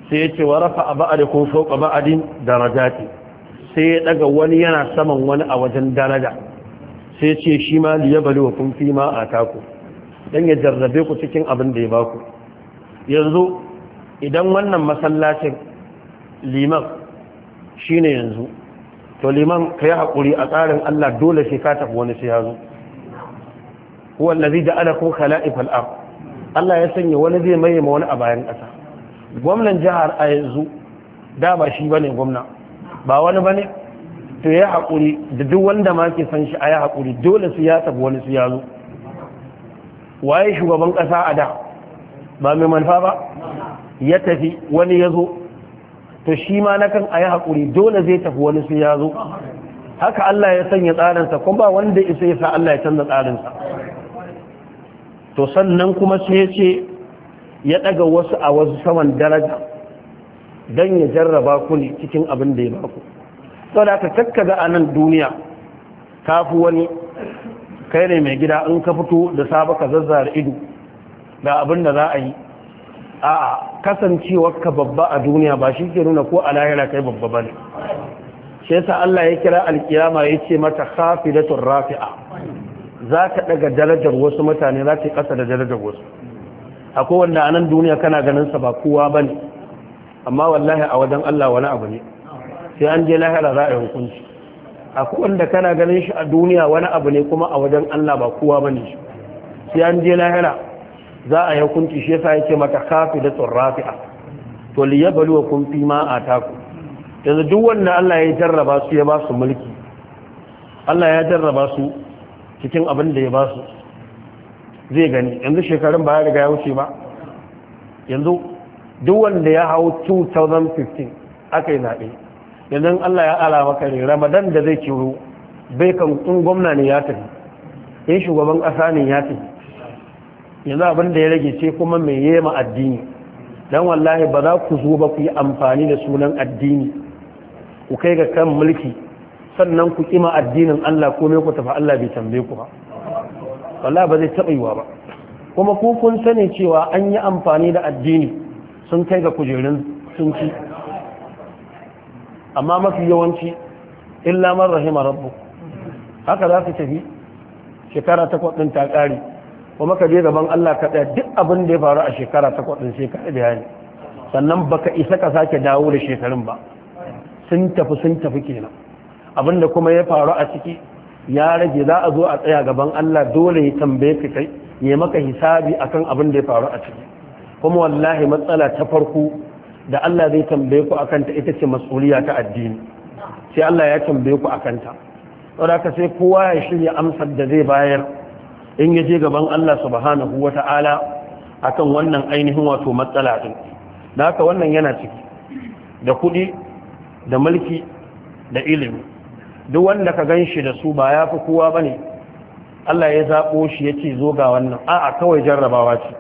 sai ya ce wa rafa ba'adikum fawqa ba'adin darajati sai ya daga wani yana saman wani a wajen daraja sai ya ce shi ma liyabluwakum fima ataku don ya jarrabe ku cikin abin da ya ba ku yanzu idan wannan masallacin liman shi ne yanzu to liman ka yi haƙuri a tsarin Allah dole shi ka tafi wani shi ya zo zai da ala kun khala'i a Allah ya sanya wani zai maye ma wani a bayan ƙasa gwamnan jihar a yanzu da ba shi bane gwamna ba wani bane to ya haƙuri da duk wanda ma ke san shi a ya haƙuri dole su ya tafi wani su ya zo waye shugaban ƙasa a da ba mai manufa ba ya tafi wani ya zo to shi ma na kan a yi haƙuri dole zai tafi wani su ya zo haka Allah ya sanya tsarinsa kuma ba wanda isa ya sa Allah ya canza tsarinsa to sannan kuma sai ya ce ya ɗaga wasu a wasu saman daraja don ya jarraba ku ne cikin abin da ya baku sau da ka takkaga a nan duniya kafi wani kai ne mai gida in ka fito da sabu ka zazzara ido da abin da za a yi a'a kasancewar ka babba a duniya ba shi ke nuna ko a lahira kai babba ba ne shi yasa Allah ya kira alkiyama ya ce mata da rafi'a za ka daga darajar wasu mutane za ka yi kasa da darajar wasu a wanda a nan duniya kana ganin sa ba kowa ba ne amma wallahi a wajen Allah wani abu ne sai an je lahira za a yi hukunci akwai wanda kana ganin shi a duniya wani abu ne kuma a wajen Allah ba kowa bane shi sai an je lahira za a yi hukunci shi yasa yake maka kafi da tsurrafi'a to kun fi ma ataku yanzu duk wanda Allah ya jarraba su ya ba su mulki Allah ya jarraba su cikin abin da ya ba su zai gani yanzu shekarun ba ya riga ya wuce ba yanzu duk wanda ya hau 2015 aka yi zaɓe yanzu Allah ya ala maka ne ramadan da zai ciro bai kan kun gwamna ne ya tafi in shugaban ƙasa ne ya tafi yanzu abin da ya rage ce kuma mai yi ma addini don wallahi ba za ku zo ba ku yi amfani da sunan addini ku kai ga kan mulki sannan ku kima addinin Allah ko me ku tafi Allah bai tambaye ku ba wallahi ba zai taɓa yiwa ba kuma ku kun sani cewa an yi amfani da addini sun kai ga kujerun sun amma mafi yawanci illa man rahima rabbu haka za su tafi shekara takwas ta kare kuma ka je gaban Allah ka tsaya duk abin da ya faru a shekara takwas sai ka bayani sannan baka isa ka sake dawo da shekarun ba sun tafi sun tafi kenan abin da kuma ya faru a ciki ya rage za a zo a tsaya gaban Allah dole ya tambaye ka kai ya maka hisabi akan abin da ya faru a ciki kuma wallahi matsala ta farko da Allah zai tambaye ku akanta ita ce mas'uliya ta addini sai Allah ya tambaye ku akanta saboda ka sai kowa ya shirya amsar da zai bayar in ya je gaban Allah subhanahu wata'ala akan wannan ainihin wato matsala din da haka wannan yana ciki da kuɗi da mulki da ilimi duk wanda ka gan shi da su ba ya fi kowa ba ne Allah ya zaɓo shi ya ce zo ga wannan a'a kawai jarrabawa ce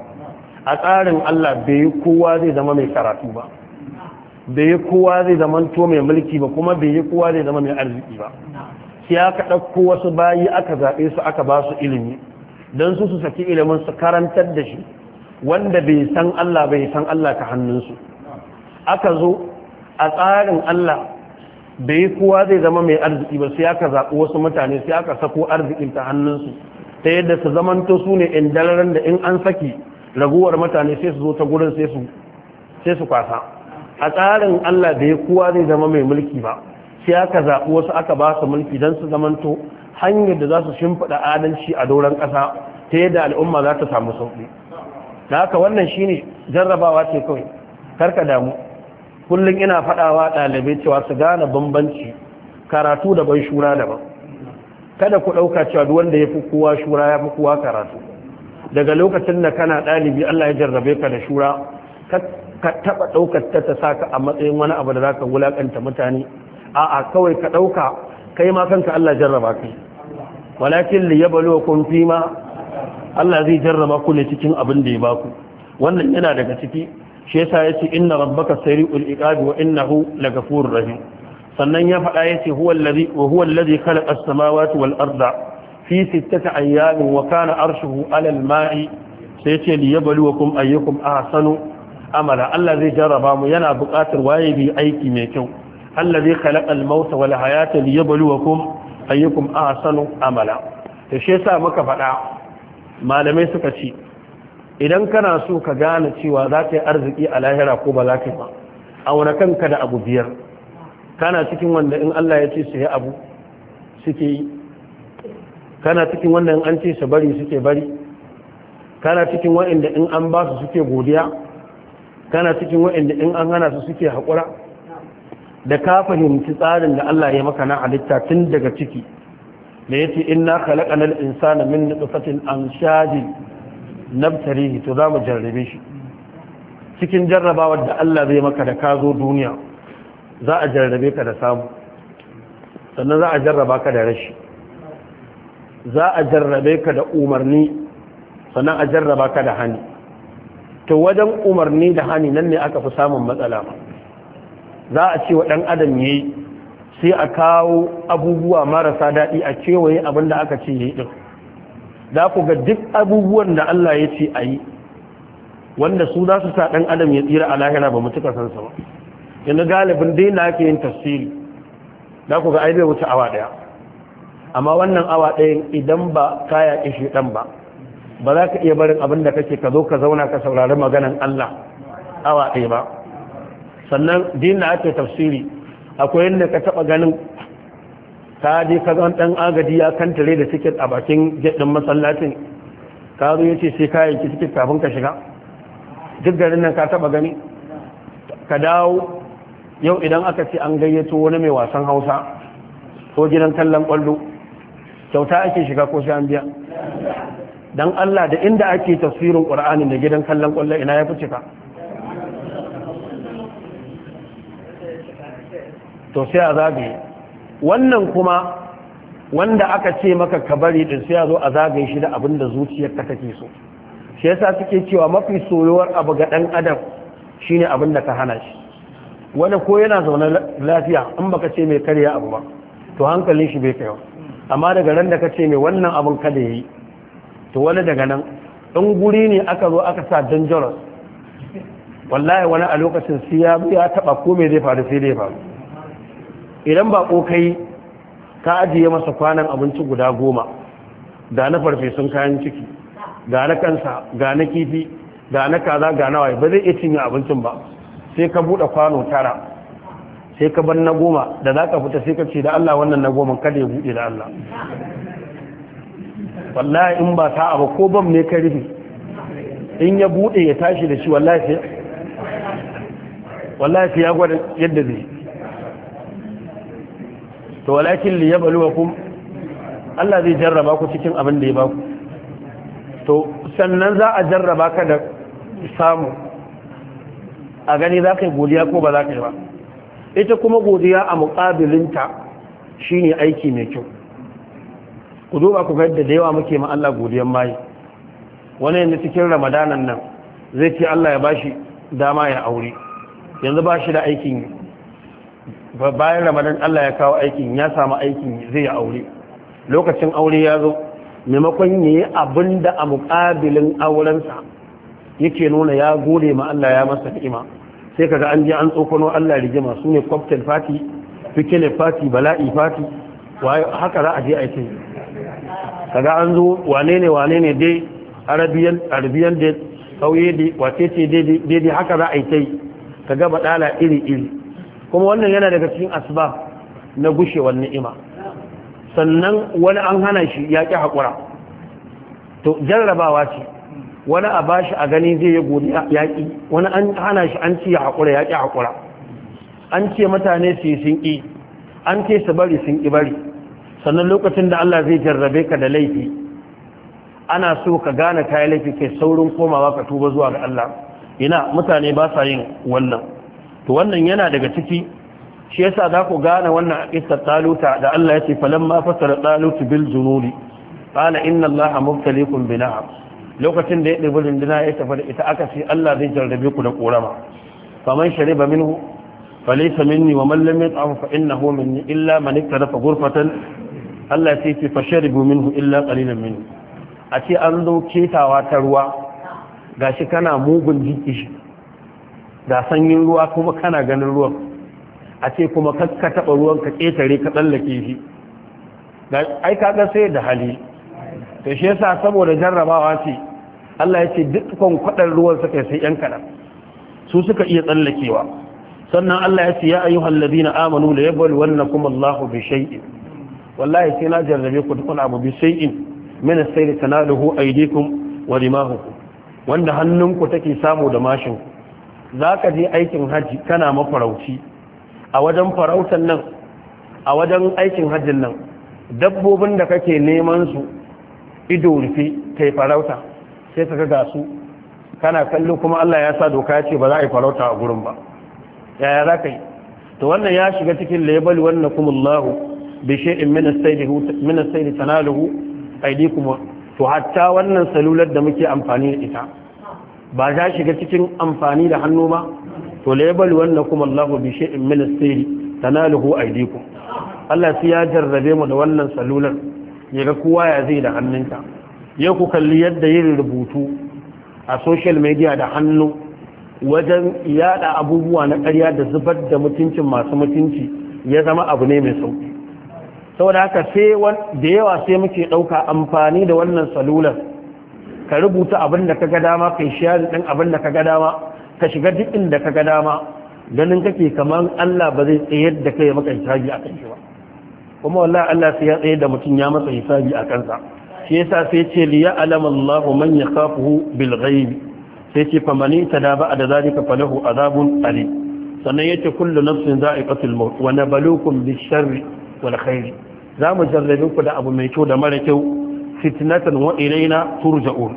a tsarin Allah bai kowa zai zama mai karatu ba bai yi kowa zai zama to mai mulki ba kuma bai yi kowa zai zama mai arziki ba sai aka ɗauko wasu bayi aka zaɓe su aka ba su ilimi don su su saki ilimin su karantar da shi wanda bai san Allah bai san Allah ta hannunsu aka zo a tsarin Allah bai kowa zai zama mai arziki ba sai aka zaɓi wasu mutane sai aka sako arzikin ta hannunsu ta yadda su zamanto su ne in dalaran da in an saki raguwar mutane sai su zo ta gurin sai su kwasa a tsarin Allah da ya kowa zai zama mai mulki ba sai aka zaɓi wasu aka ba su mulki don su zamanto hanyar da za su shimfiɗa adalci a doron ƙasa ta yadda al'umma za ta samu sauƙi da haka wannan shine jarrabawa ce kawai karka damu kullum ina faɗawa ɗalibai cewa su gane bambanci karatu daban shura daban kada ku ɗauka cewa duk wanda ya fi kowa shura ya fi kowa karatu daga lokacin da kana ɗalibi Allah ya jarrabe ka da shura ka taɓa ɗaukar ta ta saka a matsayin wani abu da za ka wulaƙanta mutane a'a kawai ka ɗauka kai ma kanka Allah jarraba kai walakin li yabalo kun fi ma Allah zai jarraba ku ne cikin abin da ya baku wannan yana daga ciki shi yasa yace inna rabbaka sari'ul iqabi wa innahu lagafurur rahim sannan ya faɗa yace huwa allazi wa huwa allazi khalaqa as-samawati wal arda fi sittati ayyamin wa kana arshuhu 'ala al-ma'i sai yace li yabluwakum ayyukum ahsanu amala Allah zai jarraba mu yana buƙatar waye bi aiki mai kyau Allah zai khalaqa al-mauta wal hayata yabluwakum ayyukum ahsanu amala to shi yasa muka faɗa malamai suka ce idan kana so ka gane cewa za ka yi arziki a lahira ko ba za ka yi ba auna kanka da abu biyar kana cikin wanda in Allah ya ce su yi abu suke yi kana cikin wanda in an ce su bari suke bari kana cikin wa'inda in an ba su suke godiya kana cikin waɗanda in an hana su suke haƙura da ka fahimci tsarin da Allah ya maka na halitta tun daga ciki da ya ce inna khalaqana na insana min an shaji na tarihi to za mu jarrabe shi cikin jarrabawar da Allah zai maka da ka zo duniya za a jarrabe ka da samu sannan za a jarraba ka da rashi za a jarrabe ka da umarni sannan a jarraba ka da hani to wajen umarni da hani nan ne aka fi samun matsala za a ce wa ɗan adam ya yi sai a kawo abubuwa marasa daɗi a kewaye abin da aka ce ya yi ɗin Za ku ga duk abubuwan da Allah ya ce a yi wanda su za su sa ɗan adam ya tsira a lahira ba mutuka san sansa ba yanzu galibin dai na ake yin tafsiri Za ku ga ai bai wuce awa ɗaya amma wannan awa ɗayan idan ba kaya ishe ɗan ba ba za ka iya barin abin da kake ka zo ka zauna ka saurari maganan Allah awa ɗaya ba sannan dina ake tafsiri akwai yadda ka taɓa ganin ta je ka zan ɗan agadi ya kantare da tiket a bakin jaɗin masallacin ka zo ya ce sai ka yanki tiket kafin ka shiga duk garin nan ka taɓa gani ka dawo yau idan aka ce an gayyato wani mai wasan hausa ko gidan kallon ƙwallo kyauta ake shiga ko sai an biya dan Allah da inda ake tafsirin Qur'ani da gidan kallon kwallo ina ya fice ka to sai a wannan kuma wanda aka ce maka ka bari din sai a zo a zagaye shi da abin da ka take so shi yasa suke cewa mafi soyuwar abu ga dan adam shine abin da ka hana shi wani ko yana zaune lafiya in baka ce mai karya abu ba to hankalin shi bai kaiwa amma daga ran da ka ce mai wannan abin kada yi. to wani daga nan in guri ne aka zo aka sa dangerous wallahi wani a lokacin su ya ya taba ko mai zai faru sai dai faru idan ba kokai ka ajiye masa kwanan abinci guda goma da na farfesun kayan ciki ga na kansa ga na kifi ga na kaza ga na waye ba zai iya cinye abincin ba sai ka bude kwano tara sai ka bar na goma da za ka fita sai ka ce da Allah wannan na goma kada ya buɗe da Allah wallahi in ba sa'a ba ko bam ne ka in ya bude ya tashi da shi wallahi wallahi ya gwada yadda zai to walakin li yabluwakum Allah zai jarraba ku cikin abin da ya baku to sannan za a jarraba ka da samu a gani za ka yi godiya ko ba za ka yi ba ita kuma godiya a muƙabilinta shine aiki mai kyau ku duba ku yadda da yawa muke ma Allah godiyan mai wani yanzu cikin ramadanan nan zai ce Allah ya bashi dama ya aure yanzu ba shi da aikin bayan ramadan Allah ya kawo aikin ya samu aikin zai ya aure lokacin aure ya zo maimakon ya yi abin da a muƙabilin aurensa yake nuna ya gode ma Allah ya masa ni'ima sai kaga an je an tsokano Allah rigima su ne cocktail party fikile party bala'i fati. waye haka za a je aikin. kaga an zo wane ne wane ne dai arabiyan arabiyan dai kauye dai wace ce dai dai haka za a yi tai kaga badala iri iri kuma wannan yana daga cikin asba na gushewar ni'ima sannan wani an hana shi ya ƙi haƙura to jarrabawa ce wani a bashi a gani zai yi godi ya ki wani an hana shi an ci ya haƙura ya ƙi haƙura an ce mutane su yi sun ƙi an ce su bari sun bari sannan lokacin da Allah zai jarrabe ka da laifi ana so ka gane kayan laifi kai saurin komawa ka tuba zuwa ga Allah ina mutane ba sa yin wannan to wannan yana daga ciki shi yasa za ku gane wannan aqisar taluta da Allah ya ce falamma fasara talutu bil junudi qala inna allaha mubtaliikum bi na'am lokacin da ya ɗibi rinduna ya tafi da ita aka ce Allah zai jarrabe ku da ƙorama faman shariba minhu falaysa minni wa man lam yat'am fa innahu minni illa man iktarafa ghurfatan Allah sai ce sharibu minhu illa qalilan min a ce an zo ketawa ta ruwa gashi kana mugun jiki da sanyin ruwa kuma kana ganin ruwan a ce kuma ka taɓa ruwan ka ƙetare ka tsallake shi ai ka ga sai da hali to shi yasa saboda jarrabawa ce Allah ya ce dukkan kwaɗar ruwan suka sai yan kaɗan su suka iya tsallakewa sannan Allah ya ce ya ayyuhal ladina amanu la yabluwannakum Allahu bi shay'in wallahi sai na jarrabe ku dukkan abu bi in min as-sayri tanaluhu aydikum wa rimahukum wanda hannunku take samu da mashin zaka je aikin haji kana mafarauci a wajen farautan nan a wajen aikin hajjin nan dabbobin da kake neman su ido rufe kai farauta sai ka ga su kana kallo kuma Allah ya sa doka ya ce ba za a yi farauta a gurin ba yaya za ka yi to wannan ya shiga cikin label wannan kuma Bishe in mina as-sayd min as to hatta wannan salular da muke amfani da ita ba ta shiga cikin amfani da hannu ba to label wannan kuma Allahu bi shay'in min as-sayd tanaluhu aydikum Allah sai ya jarrabe mu da wannan salular ya ga kowa ya zai da hannunka yau ku kalli yadda yin rubutu a social media da hannu wajen yada abubuwa na ƙarya da zubar da mutuncin masu mutunci ya zama abu ne mai sauki saboda haka sai da yawa sai muke ɗauka amfani da wannan salular ka rubuta abin da ka ga dama kai da ɗin abin da ka ga dama ka shiga duk inda ka ga dama ganin kake kamar Allah ba zai tsayar da kai maka hisabi a kan shi ba kuma wallahi Allah sai ya tsayar da mutum ya masa hisabi a kansa shi yasa sai ce li ya'lamu Allahu man yakhafuhu bil ghaib sai ce fa man tada ba'da zalika falahu azabun alim sannan yace kullu nafsin za'iqatul maut wa nabluukum bish-sharri wal khair za mu jarrabe ku da abu mai kyau da mara kyau fitnatan wa ilaina turja'un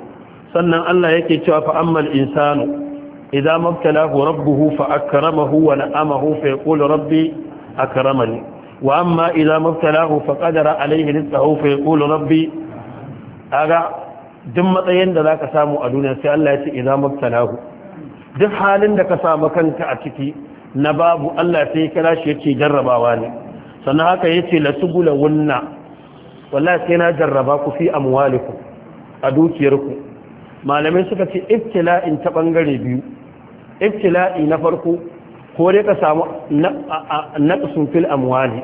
sannan Allah yake cewa fa ammal insanu idza mabtalahu rabbuhu fa akramahu wa na'amahu fa yaqulu rabbi akramani wa amma idza mabtalahu fa qadara alayhi rizqahu fa yaqulu rabbi aga duk matsayin da zaka samu a duniya sai Allah ya ce idza mabtalahu duk halin da ka samu kanka a ciki na babu Allah sai kira shi yake jarrabawa ne sannan haka yace ce, tubula wunna wallahi sai na jarraba ku fi amwalikum a dukiyarku malamai suka ce iftila'in ta bangare biyu ibtila'i na farko ko dai ka samu naqsun fil amwali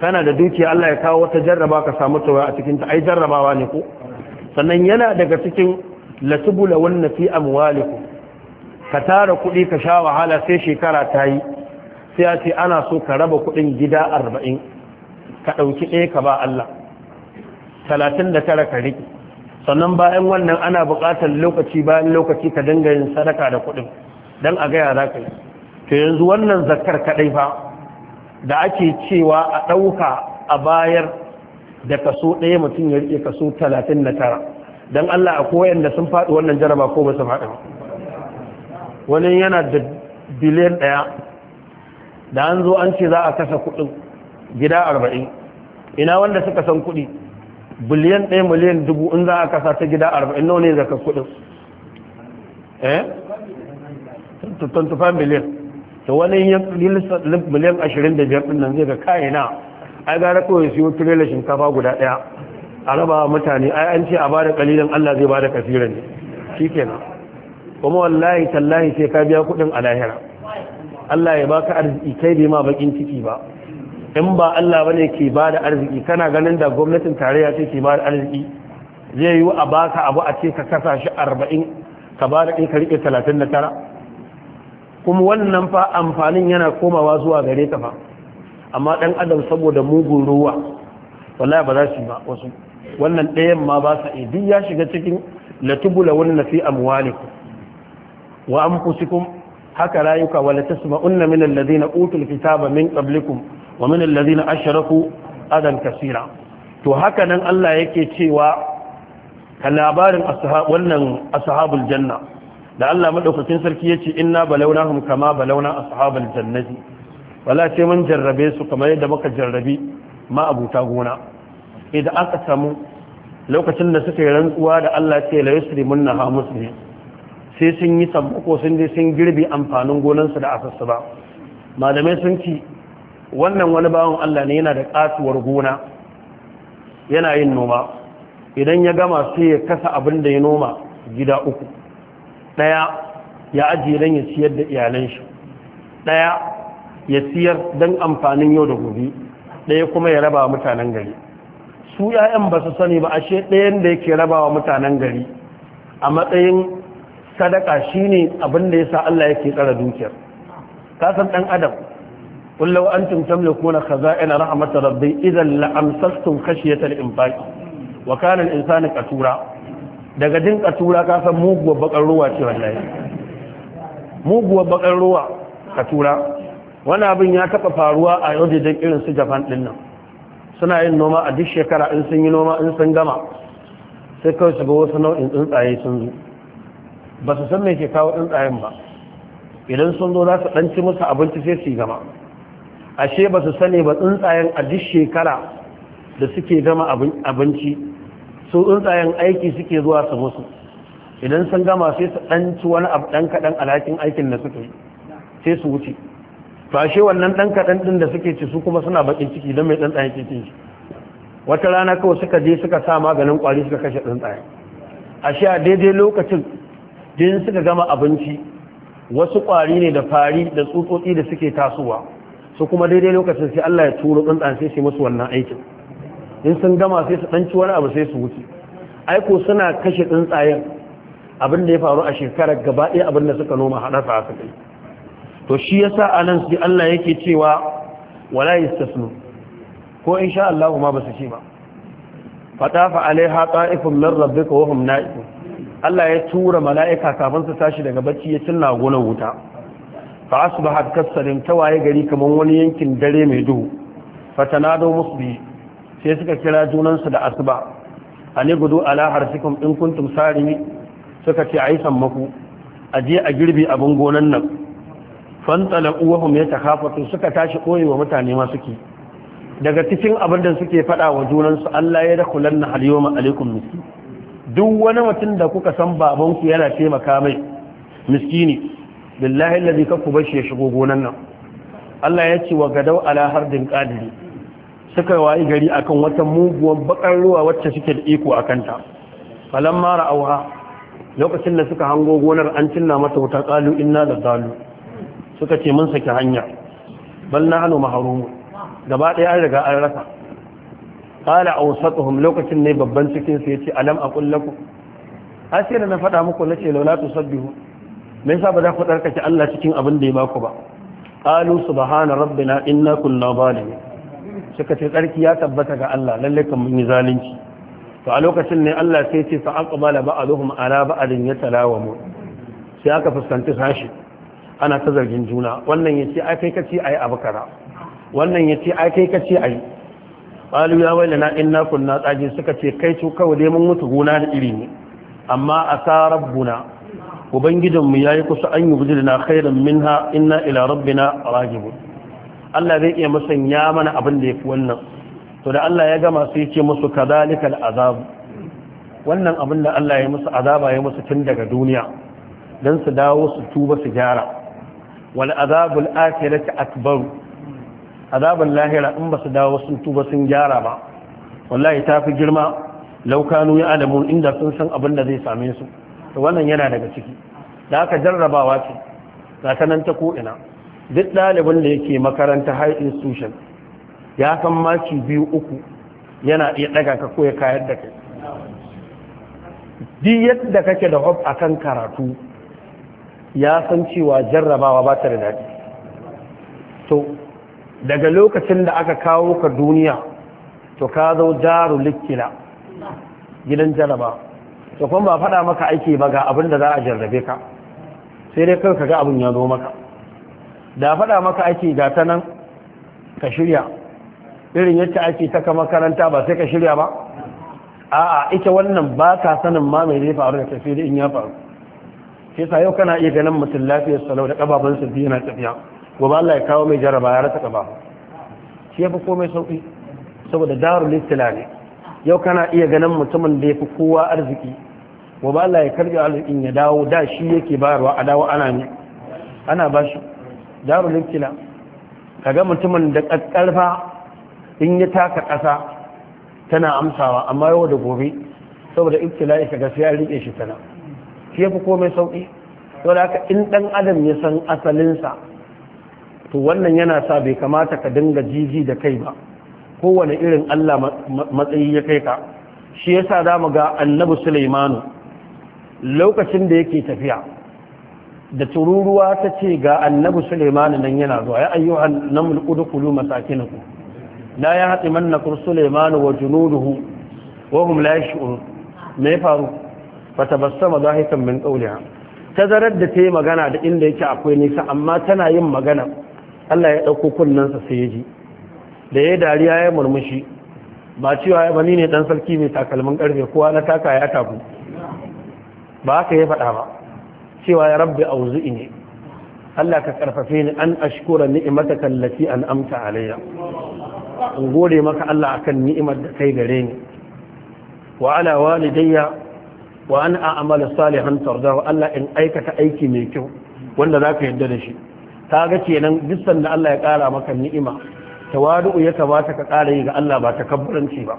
kana da dukiya Allah ya kawo wata jarraba ka samu tawaya a cikin ta ai jarrabawa ne ko sannan yana daga cikin latubula wunna fi amwalikum ka tara kuɗi ka sha wahala sai shekara ta yi sai ya ce ana so ka raba kudin gida arba'in ka ɗauki ɗaya ka ba Allah talatin da tara ka riƙe sannan bayan wannan ana buƙatar lokaci bayan lokaci ka dinga yin sadaka da kuɗin don a gaya za ka yi to yanzu wannan zakar kaɗai fa da ake cewa a ɗauka a bayar da kaso ɗaya mutum ya riƙe kaso talatin da tara don Allah a koyan da sun faɗi wannan jaraba ko ba su faɗi ba wani yana da biliyan ɗaya da an zo an ce za a kasa kudin gida arba'in ina wanda suka san kudi biliyan ɗaya miliyan dubu in za a kasa ta gida arba'in nau ne zaka kudin eh 25 miliyan to wani yin miliyan biyar din nan zai ga kayana ai gara kawai siyo tirela shinkafa guda ɗaya a raba mutane ai an ce a bada kalilan Allah zai bada kasiran shi kenan kuma wallahi tallahi sai ka biya kudin a lahira Allah ya baka arziki kai bai ma bakin ciki ba in ba Allah bane ke ba da arziki kana ganin da gwamnatin tarayya ce ke ba da arziki zai yi a baka abu a ce ka kasa shi arba'in ka ba da ka rike 39 tara kuma wannan fa amfanin yana komawa zuwa gare ka fa amma dan adam saboda mugun ruwa wallahi ba za su ba wasu wannan ɗayan ma ba sa idin ya shiga cikin latubula wani na fi amwalikum wa anfusikum haka rayuka wala "Unna min alladhina utul kitaba min qablikum wa min alladhina ashraku adan kaseera to haka nan Allah yake cewa ka labarin wannan ashabul janna da Allah madaukakin sarki yace inna balawnahum kama balawna ashabul jannati wala ce mun jarrabe su kamar yadda muka jarrabi ma abuta gona idan aka samu lokacin da suka yi rantsuwa da Allah ce la yusrimunna ha muslimin sai sun yi sammako sun je sun girbi amfanin gonansu da asassu ba malamai sun ci wannan wani bawan Allah ne yana da kasuwar gona yana yin noma idan ya gama sai ya kasa abin da ya noma gida uku ɗaya ya ajiye don ya siyar da iyalan shi ɗaya ya siyar don amfanin yau da gobe ɗaya kuma ya raba mutanen gari su 'ya'yan ba su sani ba ashe ɗayan da yake raba wa mutanen gari a matsayin sadaka shine abin da ya sa Allah yake tsara dukiyar ka san dan adam قل لو أنتم تملكون خزائن رحمة ربي إذا لأمسستم wa الإنفاق in sani ƙatura. daga jin ƙatura ka san muguwa bakar ruwa ce wallahi Muguwa bakar ruwa ƙatura. wani abin ya taɓa faruwa a yau da irin su japan din nan suna yin noma a duk shekara in sun yi noma in sun gama sai kawai su ga wasu nau'in tsuntsaye sun zo ba su san me ke kawo tsuntsayen ba idan sun zo za su ɗanci musu abinci sai su yi gama ashe ba su sani ba tsuntsayen a duk shekara da suke gama abinci su tsuntsayen aiki suke zuwa su musu idan sun gama sai su ɗanci wani abu ɗan kaɗan alhakin aikin da suke sai su wuce to ashe wannan ɗan kaɗan ɗin da suke ci su kuma suna baƙin ciki don mai tsuntsayen ke cin shi wata rana kawai suka je suka sa maganin ƙwari suka kashe tsuntsayen ashe a daidai lokacin din suka gama abinci wasu ƙwari ne da fari da tsutsotsi da suke tasowa su kuma daidai lokacin sai Allah ya turo tsantsan sai su musu wannan aikin in sun gama sai su ɗanci wani abu sai su wuce aiko suna kashe tsuntsayen abin da ya faru a shekarar gaba ɗaya abin da suka noma haɗasa a kai to shi yasa a sai Allah yake cewa wala yastasnu ko insha Allah ma ba su ce ba fa alaiha ta'ifun min rabbika wa hum na'im Allah ya tura mala'ika kafin su tashi daga bacci ya cin gonar wuta fa asbahat kasarin tawaye gari kamar wani yankin dare mai duhu Fata na musu bi sai suka kira junansu da asuba ani gudu ala cikin in kuntum ne suka ce yi sammaku je a girbi abin gonan nan fantala uwahun ya takafatu suka tashi koyewa mutane masu ki. daga cikin abin da suke faɗa junansu Allah ya kulan na yawma alaikum miskin duk wani mutum da kuka san babanku yana taimaka mai miskini billahi allazi kakku bashi ya shigo gonan nan Allah ya ce wa gadau ala hardin qadiri suka wayi gari akan wata muguwar bakar ruwa wacce suke da iko akan ta mara auha. lokacin da suka hango gonar an cinna mata wuta qalu inna zalu suka ce mun saki hanya bal nahnu mahrum gaba ɗaya an riga an rasa qala awsatuhum lokacin ne babban cikin su yace alam aqul lakum asira na faɗa muku nace laula tusabbihu me yasa ba za ku darkace Allah cikin abin da ya baku ba qalu subhana rabbina inna kunna zalimin suka ce tsarki ya tabbata ga Allah lalle kan mun yi zalunci to a lokacin ne Allah sai ce fa aqbala ba'dhum ala ba'din yatalawamu sai aka fuskanci sashi ana ta zargin juna wannan yace ai kai kace ai abu kaza wannan yace ai kai kace ai qalu ya wailana ina kunna tsajin suka ce kai su kawai neman mutu gona da iri ne amma a asa rabbuna ubangijinmu yi kusa an yi na khairun min ha Ina, ila rabbina rajibun Allah zai iya ya mana abin da ya fi wannan to da Allah ya gama sai ce musu kadalikal azabu wannan abin da Allah ya musu azaba ya musu tun daga duniya Don su dawo su tuba su gyara wal azabul akhirati akbaru azaban lahira in ba su dawo sun tuba sun gyara ba wallahi ta fi girma laukanu ya adamu inda sun san abin da zai same su to wannan yana daga ciki da aka jarrabawa ce ga ta nan ta ko'ina duk ɗalibin da yake makaranta high institution ya kan maki biyu uku yana iya ɗaga ka koya kayar da kai duk yadda kake da a akan karatu ya san cewa jarrabawa ba ta da daɗi to daga lokacin da aka kawo ka duniya to ka zo jaru likkila gidan jaraba to kuma ba faɗa maka aiki ba ga abin da za a jarrabe ka sai dai kanka ga abin ya zo maka da faɗa maka aiki ga ta nan ka shirya irin yadda ta ka makaranta ba sai ka shirya ba a'a ita wannan ba ka sanin ma mai zai faru da tafiya in ya faru sai sa yau kana iya ganin mutum lafiyar salau da ƙababansa biyu na tafiya gobe Allah ya kawo mai jaraba ya rasa gaba shi ya fi komai sauƙi saboda darul istila ne yau kana iya ganin mutumin da ya fi kowa arziki gobe Allah ya karɓi arzikin ya dawo da shi yake bayarwa a dawo ana ne ana ba shi darul istila kaga mutumin da ƙarfa in ya taka ƙasa tana amsawa amma yau da gobe saboda ya shiga sai ya riƙe shi sana. shi ya fi komai sauƙi saboda haka in ɗan adam ya san asalinsa to wannan yana sa bai kamata ka dinga jiji da kai ba kowane irin Allah matsayi ya kai ka shi yasa za mu ga annabi Sulaimanu lokacin da yake tafiya da tururuwa ta ce ga annabi Sulaimanu nan yana zuwa ya ayyuhan namul udkhulu masakinakum la yahtimannakum Sulaimanu wa junuduhu wa hum la yash'urun me ya faru fatabassama dahikan min qawliha tazarar da ta yi magana da inda yake akwai nisa amma tana yin magana Allah ya ɗauko kunnensa sai ya ji da ya dariya ya murmushi ba cewa ya bani ne dan sarki mai takalmin karfe kowa na taka ya taku ba haka ya faɗa ba cewa ya rabbi auzu'i ne Allah ka karfafe ni an ashkura ni'mataka an an'amta alayya in gode maka Allah akan ni'imar da kai gare ni wa ala walidayya wa an a'mala salihan tardahu Allah in aikata aiki mai kyau wanda zaka yarda da shi ga kenan duk sanda Allah ya kara maka ni'ima tawadu ya kamata ka kara yi ga Allah ba takabburanci ba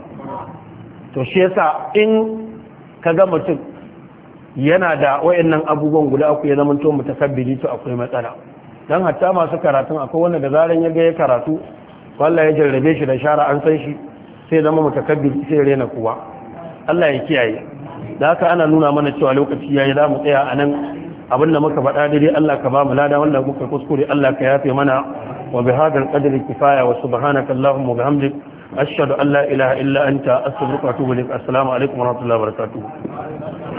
to shi yasa in kaga mutum yana da wayannan abubuwan guda uku ya zama to mutakabbiri to akwai matsala dan hatta masu karatu akwai wanda da zaran ya ga ya karatu wallahi ya jarrabe shi da shara an san shi sai zama mutakabbiri sai rena kuwa Allah ya kiyaye da haka ana nuna mana cewa lokaci yayi za mu tsaya a nan da muka faɗa daidai Allah ka ba mu lada wanda muka kuskure Allah ka yafe mana wa bi hadal qadri kifaya wa subhanaka allahumma wa bihamdik ashhadu an la ilaha illa anta astaghfiruka wa atubu ilaik assalamu alaikum wa rahmatullahi wa barakatuh